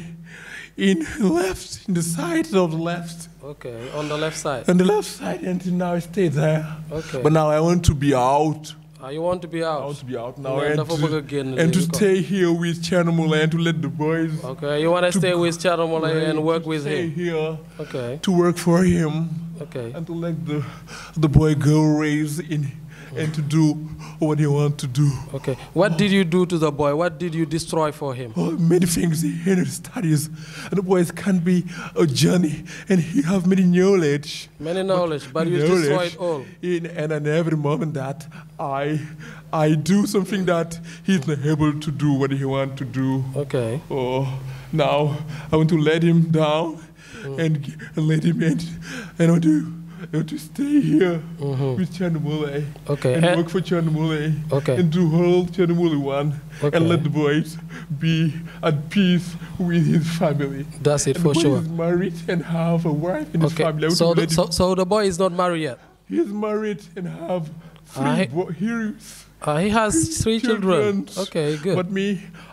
Speaker 4: in left, in the side of the left.
Speaker 3: Okay, on the left side. On the left
Speaker 4: side, and now it stays there. Okay. But now I want to be out.
Speaker 3: Uh, you want to be out. I want to be out now. Yeah, and, to, again, and to stay
Speaker 4: here with Chanamula and to let the boys.
Speaker 3: Okay, you want to stay with Chanamula and work with stay him. here. Okay. To work
Speaker 4: for him. Okay. And to let the the boy go raise in and to
Speaker 3: do what he want to do. Okay. What did you do to the boy? What did you destroy for him? Oh,
Speaker 4: many things in his studies. And the boys can be a journey and he have many knowledge.
Speaker 3: Many knowledge, but, but you knowledge destroyed all.
Speaker 4: In and in every moment that I I do something that he's not able to do what he want to do. Okay. Oh now I want to let him down mm. and, and let him in and I do you have to stay here mm -hmm. with Chanamule okay. and, and, work for Chanamule okay. and do whole Chanamule one okay. and let the boy be at peace with his family. That's it and for sure. He's married and have a wife and his family. So the, so,
Speaker 3: so the boy is not married yet. He's married and have three. I, uh,
Speaker 4: ah,
Speaker 3: ah, he has three children. children. Okay, good. But me,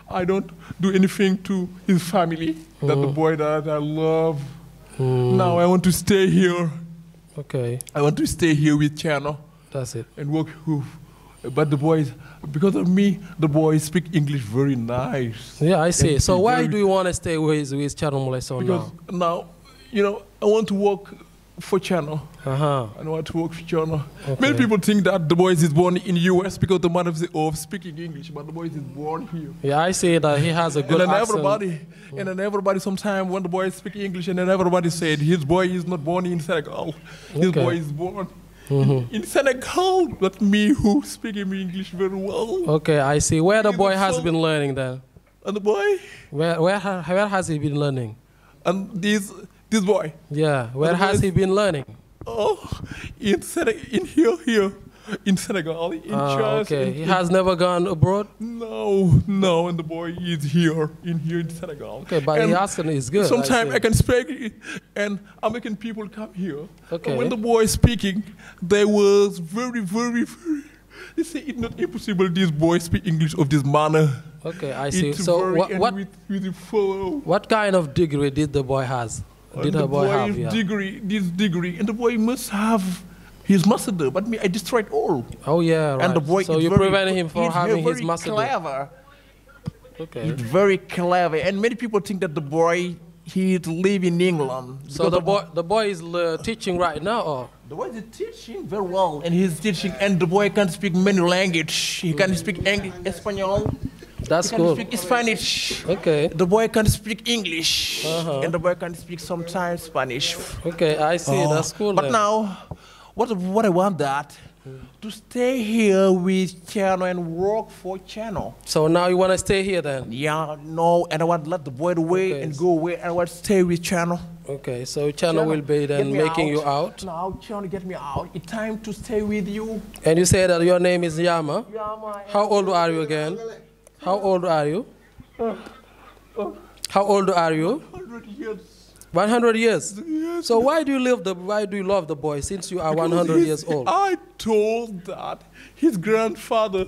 Speaker 3: I don't do
Speaker 4: anything to his family. Mm. That the mm. boy that I love. Mm. Now I want to stay here Okay. I want to stay here with Chano. That's it. And work with. But the boys, because of me, the boys speak English very nice. Yeah, I see. So why do
Speaker 3: you want to stay with, with Chano Muleso now? Because now, you know, I want to work
Speaker 4: Fochano. Uh-huh. I know how to work Fochano. Okay. Many
Speaker 3: people think that Du Bois is born
Speaker 4: in U.S. because the man is of speaking English, but Du Bois is born here. Yeah, I say that he has a good and then accent. Everybody, oh. And then everybody, sometimes when the boy speak English, and then everybody said, his boy is not born in Senegal. His okay. boy is born Mm-hmm. in Senegal, not me who speaking English very well.
Speaker 3: Okay, I see. Where the boy has been learning then? And the boy? Where, where, where has he been learning? And these this boy. Yeah, where has he been learning? Oh, in Senegal, in here, here, in Senegal,
Speaker 4: in ah, China. okay. In, he has in, never gone abroad. No, no, and the boy is here, in here in Senegal. Okay, but and the accent is good. Sometimes I, I, can speak, and American people come here. Okay. And when the boy is speaking, they was very, very, very.
Speaker 3: They say it's not impossible. This boy speak English of this manner.
Speaker 4: Okay, I see. It's so what what, with, with
Speaker 3: what kind of degree did the boy has? Did the boy, boy have, yeah.
Speaker 4: degree,
Speaker 5: this degree, and the boy must have his master, but me, I destroyed all. Oh yeah, right. And the boy so you very, prevented him from having his master. clever. Okay. He's very clever, and many people think that the boy he's living in England. So the, boy, the boy is uh, teaching right now, or? The boy is teaching very well, and he's teaching, and the boy can speak many language. He can mm. speak English, Espanol, That's he can cool. speak Spanish. Okay. The boy can speak English. Uh-huh. And the boy can speak sometimes Spanish. Okay, I see. Oh. That's cool. But then. now, what, what I want that to stay here with Channel and work for Channel. So now you want to stay here then? Yeah, no, and I want to let the boy away okay. and go away, and I want to stay with Channel. Okay, so Channel, Channel will be then making out. you out? Now, Channel, get me out. It's time to stay with you.
Speaker 3: And you say that your name is Yama? Yama. How old are you again? How old are you? How old are you?
Speaker 4: 100 years.
Speaker 3: 100 years? Yes. So why do you love the why do you love the boy since you are because 100 years old? I told that his grandfather uh,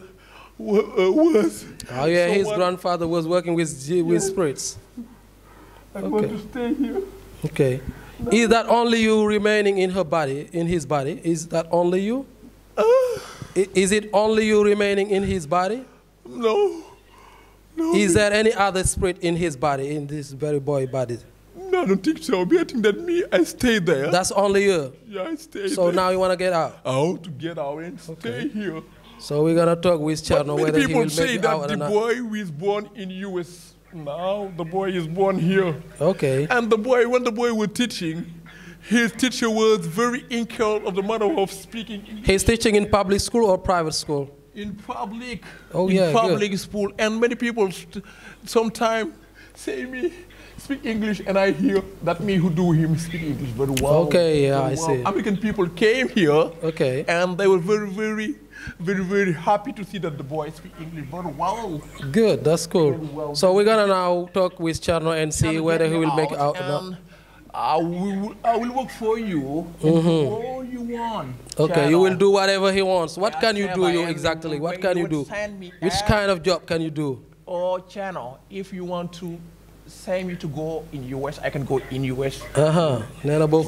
Speaker 3: was Oh yeah, so his what, grandfather was working with with yes. spirits.
Speaker 4: I okay. want to stay here.
Speaker 3: Okay. No. Is that only you remaining in her body, in his body? Is that only you? Uh, is it only you remaining in his body? No. No, Is there any other spirit in his body, in this very boy body? No, I don't think so. But I think that me, I stay there. That's only you. Yeah, I stay. So there. now you want to get out? I want
Speaker 4: to get out and okay. stay here.
Speaker 3: So we're gonna talk with Cherno whether he will make it out or not. People say that the boy
Speaker 4: who is born in U.S. now, the boy is born here. Okay. And the boy, when the boy was teaching, his teacher was very incapable of the manner of speaking. English. He's teaching in public school or private school? in public, oh, in yeah, public yeah. school, and many people sometimes say me speak English, and I hear that me who do him speak English very well. Okay, yeah, I well. see. American people came here, okay, and they were very, very, very, very happy to see that the boy speak English very well.
Speaker 3: Good, that's cool. Well. So we're gonna now talk with Charno and see and whether he will out make out. I will,
Speaker 5: I will work for you mm will
Speaker 3: do whatever he wants. What can you do you exactly? What can you, do? Which kind of job can you do?
Speaker 5: Or channel, you uh-huh. Nee na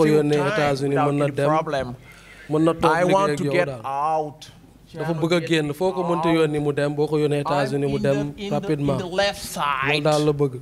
Speaker 5: unis mën na dem problem. na toog liggéey ak yow daal. dafa bëgg a
Speaker 3: génn foo ko mënta yónni mu dem boo ko yónnee États-Unis mu dem rapidement.
Speaker 5: loolu
Speaker 3: daal la bëgg.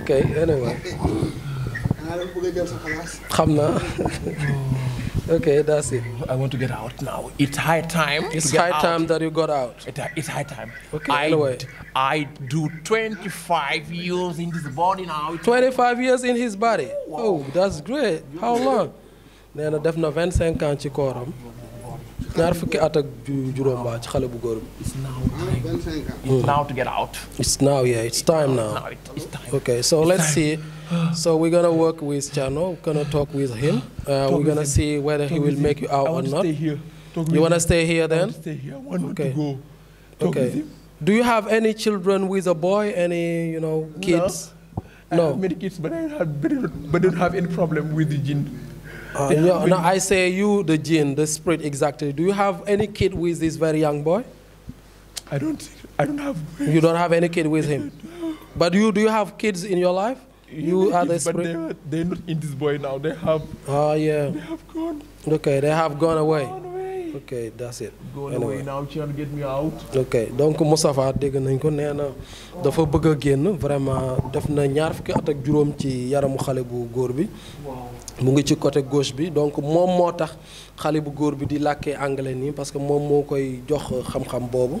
Speaker 3: ok anyway xam naa Okay, that's
Speaker 5: it. I want to get out now. It's high time. It's high out. time that you got out. It, uh, it's high time. Okay, I, anyway. I do 25 years in this body now. 25
Speaker 3: years in his body? Wow. Oh, that's great. How long? nee na def na 25 ans ci kooram. ñaar fukki at ak juróom baa ci xale bu góor bi. it's now it's it's time now. now so let's see. so we're gonna work with Chano we're gonna talk with him. Uh, we're gonna see whether he will make you out or not. you wanna stay here then. okay do you have any children with a boy any kids. no uh, I don't have any problem with the jinn. Uh, no, no, I say you, the jinn, the spirit, exactly. Do you have any kid with this very young boy? You don't have any kid with him. No. But you, do you have kids in your life? You ah, yeah, are the spirit. But gone. away. Okay, that's it. Okay donc Moustapha dégg nañ ko nee na dafa bëgg a génn vraiment def na ñaar fukki at ak juróom ci yaramu xale bu góor bi. mu ngi ci côté gauche bi donc moom moo tax xale bu góor bi di làkkee anglais nii parce que moom moo koy jox xam-xam boobu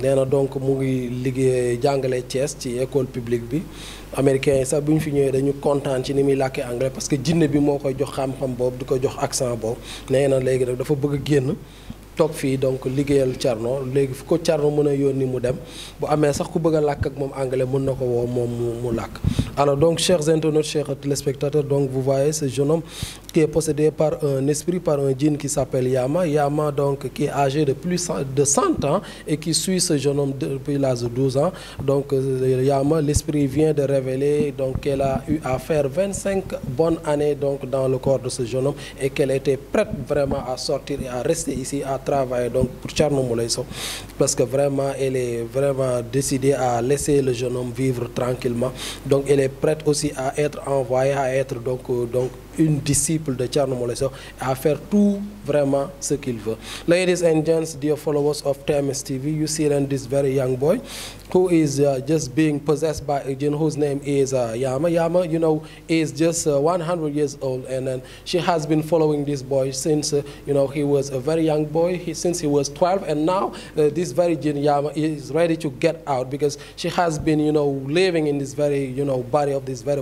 Speaker 3: nee na donc mu ngi liggéey jàngale cees ci école publique bi américains yi sax bu ñu fi ñëwee dañu kontaan ci ni muy làkkee anglais parce que jinne bi moo koy jox xam-xam boobu di ko jox accent boobu nee na léegi rek dafa bëgg génn toog fii donc liggéeyal Thierno léegi fu ko Thierno mën a ni mu dem bu amee sax ku bëgg a làkk ak moom anglais mën na ko woo moom mu mu làkk. alors donc chers internautes chers téléspectateurs donc vous voyez ce jeune homme qui est possédé par un esprit par un djinn qui s'appelle Yama Yama donc qui est âgé de plus de cent ans et qui suit ce jeune homme depuis l'âge de douze ans donc euh, Yama l'esprit vient de révéler donc qu'elle a eu à faire vingt-cinq bonnes années donc dans le corps de ce vraiment à sortir et à travaillé donc pour Thierno Moulay Sow parce que vraiment elle est vraiment décidée à laisser le jeune homme vivre tranquillement donc elle est prête aussi à être envoyée à être donc euh, donc une disciple de Thierno Moule tout vraiment ce qu'il veut. Ladies and gents, dear followers of TMS TV, you see then this very young boy who is uh, just being possessed by a jinn whose name is uh, Yama. Yama, is just uh, years old and then she has been following this boy since, he was a very young boy, since he was 12 very jinn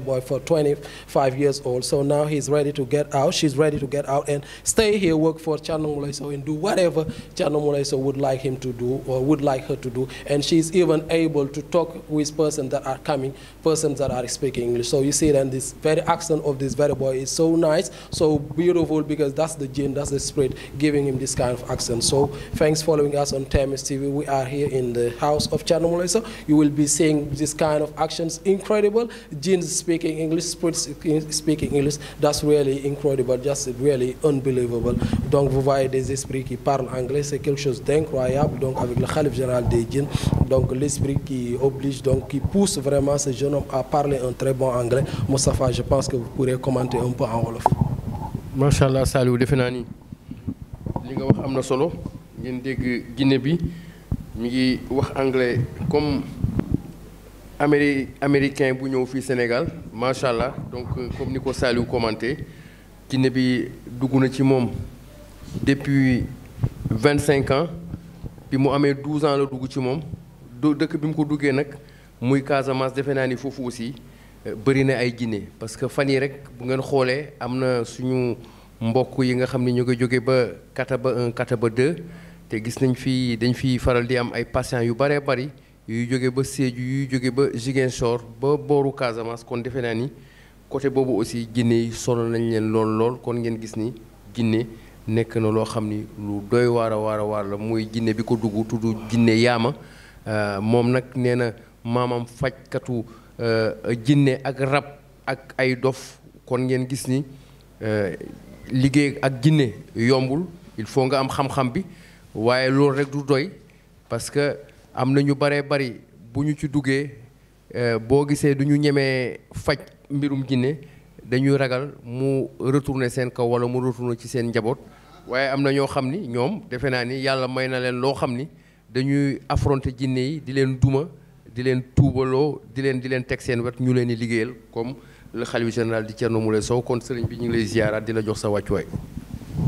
Speaker 3: boy for 25 years old. is ready to get out, she's ready to get out and stay here, work for Channel Mulaiso and do whatever Channel Mulaiso would like him to do or would like her to do. And she's even able to talk with persons that are coming, persons that are speaking English. So you see then this very accent of this very boy is so nice, so beautiful because that's the gene, that's the spirit giving him this kind of accent. So thanks for following us on Temis TV. We are here in the house of Channel Mulaiso. You will be seeing this kind of actions, incredible. Genes speaking English, spirits speaking English. That's That's really incredible, just really unbelievable. Donc vous voyez des esprits qui parlent anglais, c'est quelque chose d'incroyable. Donc avec le Khalif général des djinns, donc l'esprit qui oblige, donc qui pousse vraiment ce jeune à parler un très bon anglais. Moustapha, je pense que vous pourrez commenter un peu en wolof.
Speaker 2: macha allah Saliou defe naa ni li nga wax am bi mi ngi wax anglais améri américain bu ñëw fii Sénégal macha allah donc euh, comme ni ko Saliou commenté jinne bi dugg na ci moom depuis vingt cinq ans bi mu amee douze ans la dugg ci moom do dëkk bi mu ko duggee nag muy Casamance defe naa ni foofu aussi euh, bëri na ay jinne parce que fan yi rek bu ngeen xoolee am na suñu mbokk yi nga xam ne ñu ngi jóge ba Kataba un Kataba deux te gis nañ fi dañ fi faral di am ay patients yu bëree bari yuy jóge ba Sédhiou yuy jóge ba Ziguinchor ba booru Casamance kon defe naa ni côté boobu aussi Guinée yi sonal nañ leen lool lool kon ngeen gis ni Guinée nekk na loo xam ni lu doy waar a waar a la muy Guinée bi ko dugg tudd Guinée yaama euh, moom nag nee na maamam fajkatu euh, jinne ak rab ak ay dof kon ngeen gis ni euh, liggéey ak jinne yombul il faut nga am xam-xam bi waaye loolu rek du doy parce am na ñu bëree bari bu ñu ci duggee euh, boo gisee du ñu ñemee faj mbirum jinne dañuy ragal mu retourner seen kaw wala mu retourner ci seen njaboot waaye am na ñoo xam ni ñoom defe naa ni yàlla may na leen loo xam ni dañuy affronter jinne yi di leen duma di leen tuubaloo di leen di leen teg seen wet ñu leen di liggéeyal comme le xalifa général di Thierno Moule Sow kon sëriñ bi ñu ngi lay ziyaaraat di la jox sa wàccuwaay.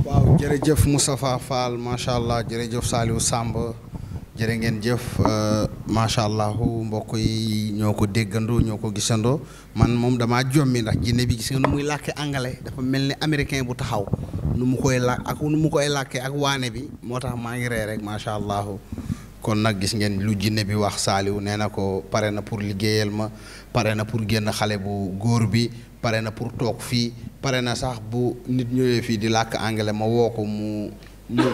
Speaker 1: waaw jërëjëf Moustapha Fall macha allah jërëjëf Saliou jëre ngeen jëf euh, macha allah mbokk yi ñoo ko déggandoo ñoo ko gisandoo man moom damaa jommi ndax jinne bi gis nga nu muy làkkee anglais dafa mel ni américain bu taxaw nu mu koy làkk ak nu mu koy làkkee ak waane bi moo tax maa ngi rey rek macha allah. kon nag gis ngeen lu jinne bi wax saaliw nee na ko pare na pour liggéeyal ma pare na pour génn xale bu góor bi pare na pour toog fii pare na sax bu nit ñëwee fii di làkk anglais ma woo ko mu. mu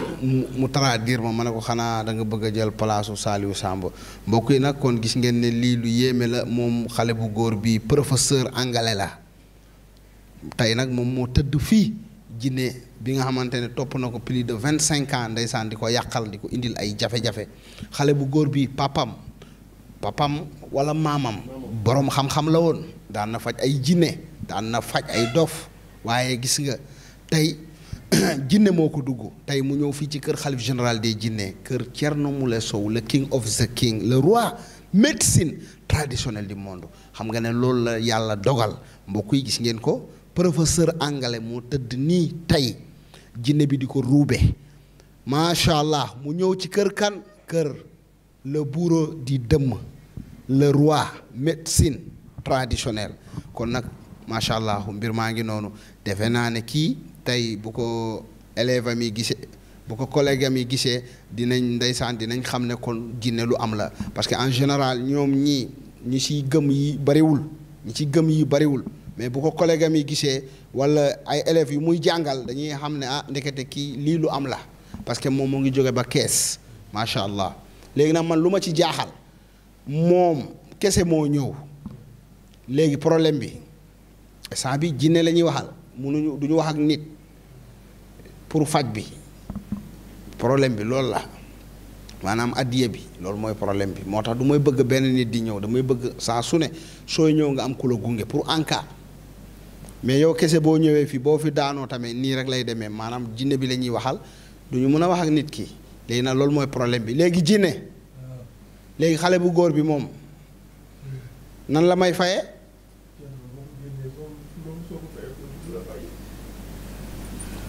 Speaker 1: mu traduire ma ma ne ko xanaa da nga bëgg a jël palaasu Saliou Samb mbokk yi nag kon gis ngeen ne lii lu yéeme la moom xale bu góor bi professeur anglais la tey nag moom moo tëdd fii jinne bi nga xamante ne topp na ko plus de vingt cinq ans ndeysaan di ko yàqal di ko indil ay jafe-jafe xale bu góor bi papam papam walla maamam boroom xam-xam la woon daan na faj ay jinne daan na faj ay dof waaye gis nga tey *clears throat* jinne moo ko dugg tey mu ñëw fii ci kër xalif général des jinne kër mu Moule Sow le king of the king le roi médecine traditionnelle di monde xam nga ne loolu la yàlla dogal mbokk yi gis ngeen ko professeur anglais moo tëdd nii tey jinne bi di ko ruube macha allah mu ñëw ci kër kan kër le bourreau di dëmm le roi médecine traditionnelle kon nag macha allah mbir maa ngi noonu defe naa ne kii. tey bu ko élève am yi gisee bu ko collègue yi gisee dinañ ndeysaan dinañ xam ne kon Guinée lu am la parce que en général ñoom ñii ñi ciy gëm yi bariwul ñi ci gëm yi bariwul mais bu ko collègue yi gisee wala ay élèves yu muy jàngal dañuy xam ne ah ndekete kii lii lu am la parce que moom moo ngi jóge ba kees macha allah léegi nag man lu ma ci jaaxal moom kese moo ñëw léegi problème bi sant bi jinne la waxal munuñu du ñu wax ak nit pour faj bi problème bi loolu la maanaam addiye bi loolu mooy problème bi moo tax du may bëgg benn nit di ñëw damay bëgg saa su ne sooy ñëw nga am ku gunge pour en mais yow kese boo ñëwee fii boo fi daanoo tamit nii rek lay demee maanaam jinne bi lañuy waxal du ñu mën a wax ak nit ki léegi na loolu mooy problème bi léegi jinne léegi xale bu góor bi moom nan la may faye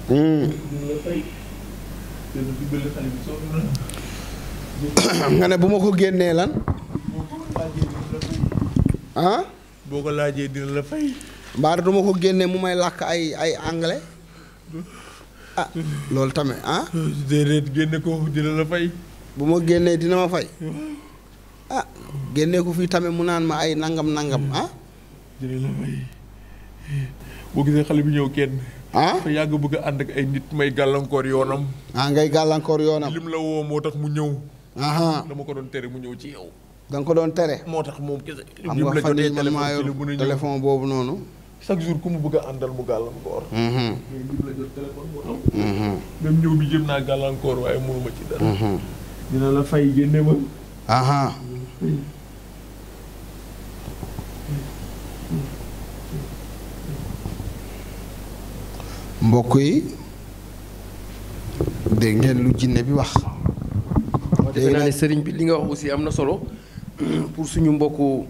Speaker 1: hmm.
Speaker 4: fay nga ne bu ma
Speaker 1: ko génnee lan ah boo ko laajee dina la fay mbaar du ko génnee mu may làkk ay ay anglais ah, loolu tamit ah génne ko dina la fay bu ma génnee dina ma fay ah génne ko fii tamit mu naan ma ay nangam nangam ah boo gisee xale bi ñëw kenn ah dafa yàgg bëgg a ànd ak ay nit may gàllankoor yoonam. ah ngay gàllankoor yoonam. lim la moo tax mu ñëw. dama ko
Speaker 4: doon tere mu ñëw ci yow.
Speaker 1: da ko doon tere. moo tax moom kese. xam nga fan yii man maa yor téléphone boobu noonu. chaque jour ku mu bëgg a àndal mu gàllankoor. Mhm. mais lim
Speaker 4: mhm. ñëw bi jëm naa gàllankoor waaye mënuma ci dara. Mhm.
Speaker 1: dina la fay génne ma. mbokk yi dégg ngeen lu jinne bi wax.
Speaker 2: dégg naa sëriñ bi li nga wax aussi am na solo *clears throat* pour suñu mbokku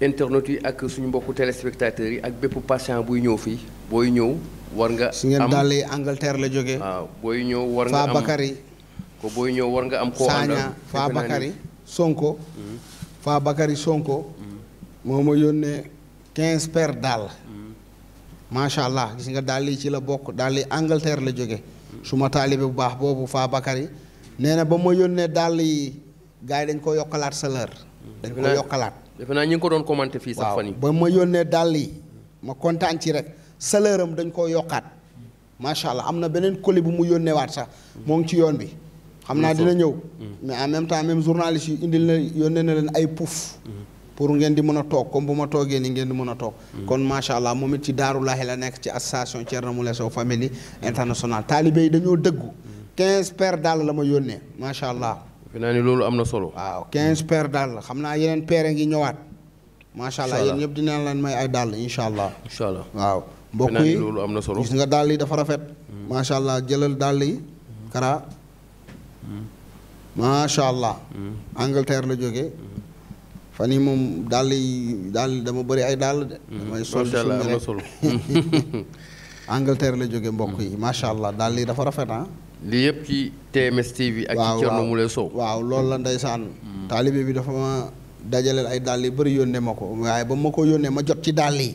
Speaker 2: internet yi ak suñu mbokku téléspectateurs yi ak bépp patient buy ñëw fii booy ñëw. war nga am su ngeen dàllee Angleterre la jóge booy ñëw war nga Faa Bakary. ko booy ñëw war nga am. koo Faa mm-hmm. Bakary
Speaker 1: Sonko. Faa Bakary Sonko. moo ma yónnee quinze paires daal. macha allah gis nga daal lii ci la bokk daal lii Angleterre la jóge suma ma bu baax boobu Faa Bakari nee na ba ma yónnee daal yi gars yi dañ ko yokkalaat salaire
Speaker 2: dañ ko yokkalaat defe naa ñu ngi ko doon commenté fii sax fan yi
Speaker 1: ba ma yónnee daal yi ma kontaan ci rek salaire am dañ koo yokkaat macha allah am na beneen colis bu mu yónneewaat sax moom ci yoon bi xam naa dina ñëw mm. mais en même temps même journaliste yi indil na yónnee na leen ay puuf mm. pour ngeen di mën a toog comme bu ma toogee ni ngeen di mën a toog mm. kon macha allah moom it ci daaru la nekk ci association Thierno Moule Sow Family International taalibe yi dañoo dëggu quinze paires daal la ma yónnee macha allah fi naa loolu am na solo waaw quinze paires daal la xam naa yeneen paires ngi ñëwaat macha allah yéen ñëpp dina leen may ay dàll incha allah incha allah waaw mbokk yi loolu am na solo gis nga dàll yi dafa rafet mm. macha allah jëlal dàll yi mm. kara macha allah Angleterre la jóge fan yi moom daal yi daal dama bëri ay dàll de. Mm-hmm. damay sol sol *laughs* Angleterre la jóge mbokk yi mm-hmm. macha allah daal yi dafa rafet ah.
Speaker 2: lii yëpp ci TMS TV. ak ci Thierno Moule Sow
Speaker 1: waaw loolu la ndeysaan. Mm-hmm. taalibe bi dafa ma dajaleel ay daal yu bari yónnee ma ko waaye ba ma ko yónnee ma jot ci dàll yi.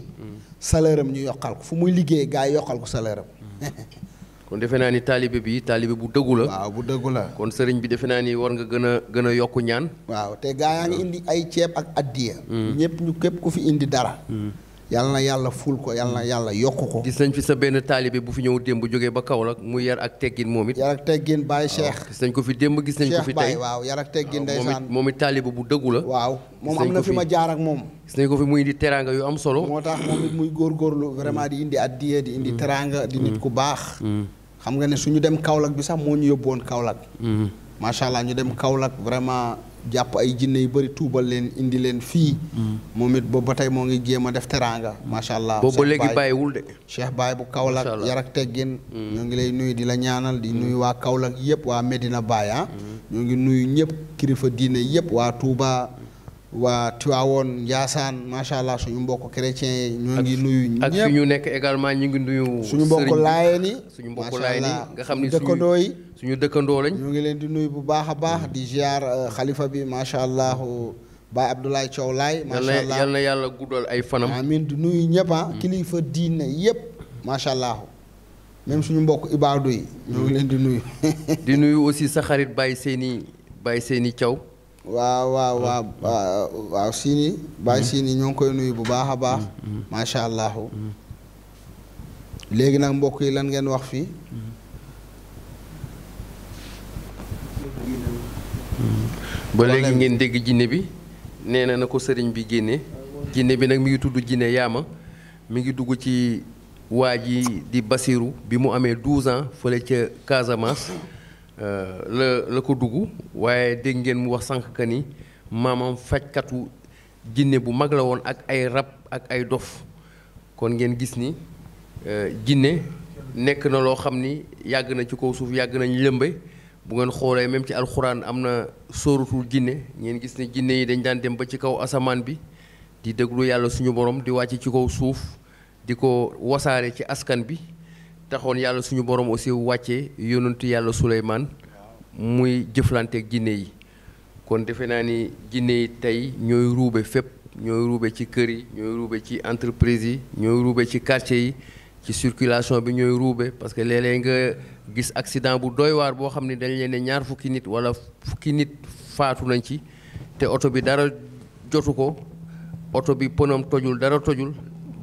Speaker 1: salaire ñu yokkal ko fu muy liggéey gaa yi yokkal ko salaire am
Speaker 2: *laughs* kon defe naa ni taalibe bi taalibe bu dëggu la. bu dëggu la. kon sëriñ bi defe naa ni war nga gën a gën a yokk ñaan. waaw
Speaker 1: te gaa yaa ngi indi ay ceeb ak addiya. Hmm. ñëpp ñu képp ku fi indi dara. Hmm. yàlla na yàlla ful ko yàlla
Speaker 2: hmm. yàlla yokk ko. gis nañ fi sa benn taalibe bu fi ñëw démb jógee ba kaw Kaolack mu yar ak teggin moom it. yar ak teggin
Speaker 1: Baye Cheikh.
Speaker 2: gis nañ ko fi démb gis nañ ko fi tey waaw
Speaker 1: yar ak teggin ndeysaan
Speaker 2: moom it taalibe bu dëggu la. waaw moom am na fi ma jaar ak moom. gis ko fi muy indi teraanga yu solo. moo tax moom it muy góorgóorlu
Speaker 1: vraiment di indi addiya di indi teraanga di baax. xam nga ne suñu dem Kaolack bi sax moo ñu yóbbu woon Kaolack. Mhm. macha allah ñu dem Kaolack vraiment jàpp ay jinne yu bëri tuubal leen indi leen fii. Mhm. moom it boobu ba tey moo ngi jéem a def teraanga. macha allah boobu ba léegi bàyyiwul de. Cheikh Baye bu Kaolack yar ak teggin. Mhm. ñoo ngi lay nuyu di la ñaanal di nuyu waa Kaolack yëpp waa Medina Baye ah. ñoo ngi nuyu ñëpp kilifa diine yëpp waa Touba. waa Tiwaawoon Njaasaan macha allah suñu mbokk chrétien yi ñu ngi nuyu ñëpp ak
Speaker 2: nekk également ñu ngi nuyu. suñu mbokk laayeen yi suñu mbokk laayeen nga xam ni dëkkandoo
Speaker 1: yi suñu dëkkandoo lañ. ñu ngi leen di nuyu bu baax a baax di ziar euh, xalifa bi macha allah Baay Abdoulaye Thiaw Laay. macha allah yal
Speaker 2: yàlla guddal ay fanam. amiin
Speaker 1: di nuyu ñëpp ah. Mm. kilifa diine yëpp macha allah. même suñu mbokk ibaadu yi. ñu ngi leen di nuyu.
Speaker 2: *laughs* di nuyu aussi sa xarit Baye Seyni Baye Seyni caw waaw waaw waaw
Speaker 1: waaw siini bàyyi mm-hmm. siini ñoo ngi koy nuyu bu baax a baax mm-hmm. macha allah mm-hmm. léegi nag mbokk yi lan ngeen wax fii
Speaker 2: ba léegi ngeen dégg jinne bi nee na na ko sëriñ bi génne jinne bi nag mi ngi tudd jinne yaama mi ngi dugg ci waa ji di Basiru bi mu amee 12 ans fële ca Casamance Euh, la la ko dugg waaye dégg ngeen mu wax sànq que ni maamam fajkatu jinne bu mag la woon ak ay rab ak ay dof kon ngeen gis ni euh, jinne nekk na loo xam ni yàgg na ci kaw suuf yàgg nañ lëmbe bu ngeen xoolee même ci alxuraan am na sóorutul jinne ngeen gis ni jinne yi dañ daan dem ba ci kaw asamaan bi di déglu yàlla suñu borom di wàcc ci kaw suuf di ko wasaare ci askan bi taxoon yàlla suñu borom aussi wàcce yonentu yàlla Suleymaan muy jëflanteeg jinne yi kon defe naa ni jinne yi tey ñooy ruube fépp ñooy ruube ci kër yi ñooy ruube ci entreprise yi ñooy ruube ci quartier yi ci circulation bi ñooy ruube parce que léeg nga gis accident bu doy waar boo xam ne dañ leen ñaar fukki nit wala fukki nit faatu nañ ci te oto bi dara jotu ko oto bi pënam tojul dara tojul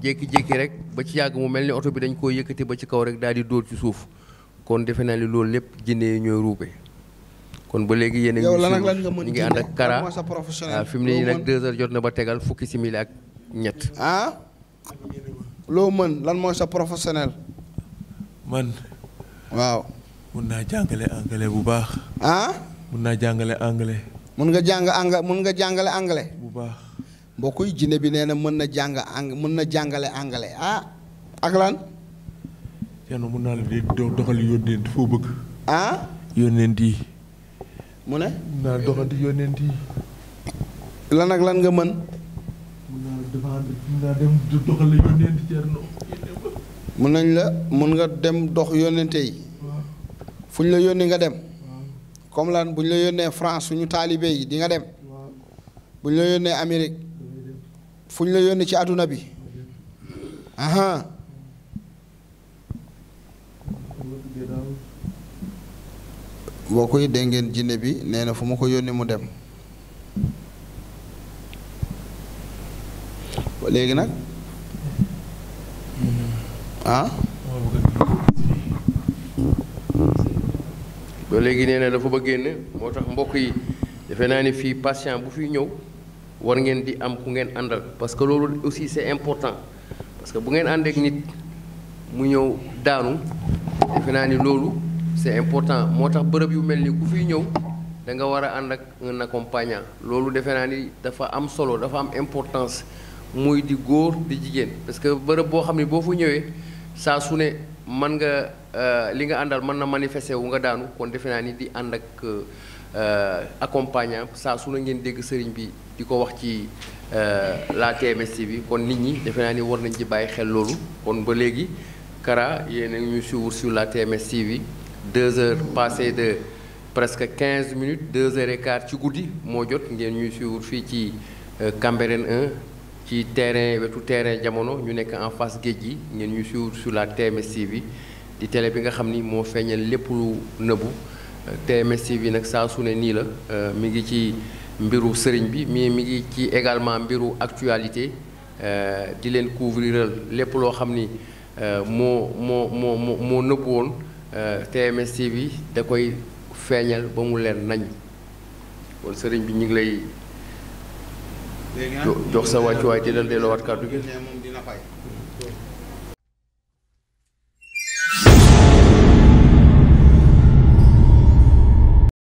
Speaker 2: jékki-jékki rek ba ci yàgg mu mel ni oto bi dañ koo yëkkati ba ci kaw rek daal di dóor ci suuf kon defe na ni loolu lépp jinne yi ñooy ruube kon ba léegi yéen a ngi ngi ànd ak kara waaw ah, fi mu ne nii nag deux heures jot na ba tegal fukki simili ak ñett ah loo mën lan mooy sa professionnel mën waaw
Speaker 4: mun naa jàngale anglais bu baax ah mun naa jàngale anglais
Speaker 1: mun nga jàng anglais mun nga jàngale anglais bu baax mboo koy jinne bi nee na mën na jàng ang mën na jàngale angale ah ak lan
Speaker 4: ceerno mën naa la de doxal yónnent foo bëgg ah yónnent yi mu ne mën naa doxal yónnent yi
Speaker 1: lan ak lan nga mën mën nañ la mën nga dem dox yónnente yi fu ñu la yónni nga dem comme lan bu ñu la yónnee France suñu taalibe yi di nga dem bu ñu la yónnee Amérique fu ñu la yónnee ci àdduna bi aha boo koy dégg bi nee na fu ma ko yónnee mu dem léegi nag ah
Speaker 2: ba léegi nee na dafa ba génn moo tax mbokk yi defe naa ni fii patient bu fi ñëw war ngeen di am ku ngeen àndal parce que loolu aussi c'est important parce que bu ngeen àndeek nit mu ñëw daanu defe naa ni loolu c'est important moo tax bërëb yu mel ni ku fiy ñëw da nga war a ànd ak un accompagnant loolu defe naa ni dafa am solo dafa am importance muy di góor di jigéen parce que bërëb boo xam ne boo fa ñëwee saa su ne man nga euh, li nga àndal mën na manifester wu nga daanu kon defe naa ni di ànd ak euh, accompagnant saa su ne ngeen dégg sëriñ bi di ko wax ci euh, la TMS bi kon nit ñi defe naa ni war nañ ci bàyyi xel loolu kon ba léegi Kara yéen a ngi ñuy suivre sur la TMS TV deux heures passées de presque quinze minutes deux heures et quart ci guddi moo jot ngeen ñuy suivre fii ci euh, Cambérène un ci terrain wetu terrain jamono ñu nekk en face géej gi ngeen ñuy suivre su la TMS bi di télé bi nga xam ni moo feeñal lépp lu nëbbu euh, TMS TV nag saa su nii la mi ngi ci. mbiru sëriñ bi mais mi ngi ci également mbiru actualité euh, di leen couvriral lépp loo xam ni euh, moo moo moo moo moo nëbbu woon euh, TMS TV da koy feeñal ba mu leen nañ kon sëriñ bi ñu ngi lay jox sa wàccuwaay te dal delloowaat kàddu gi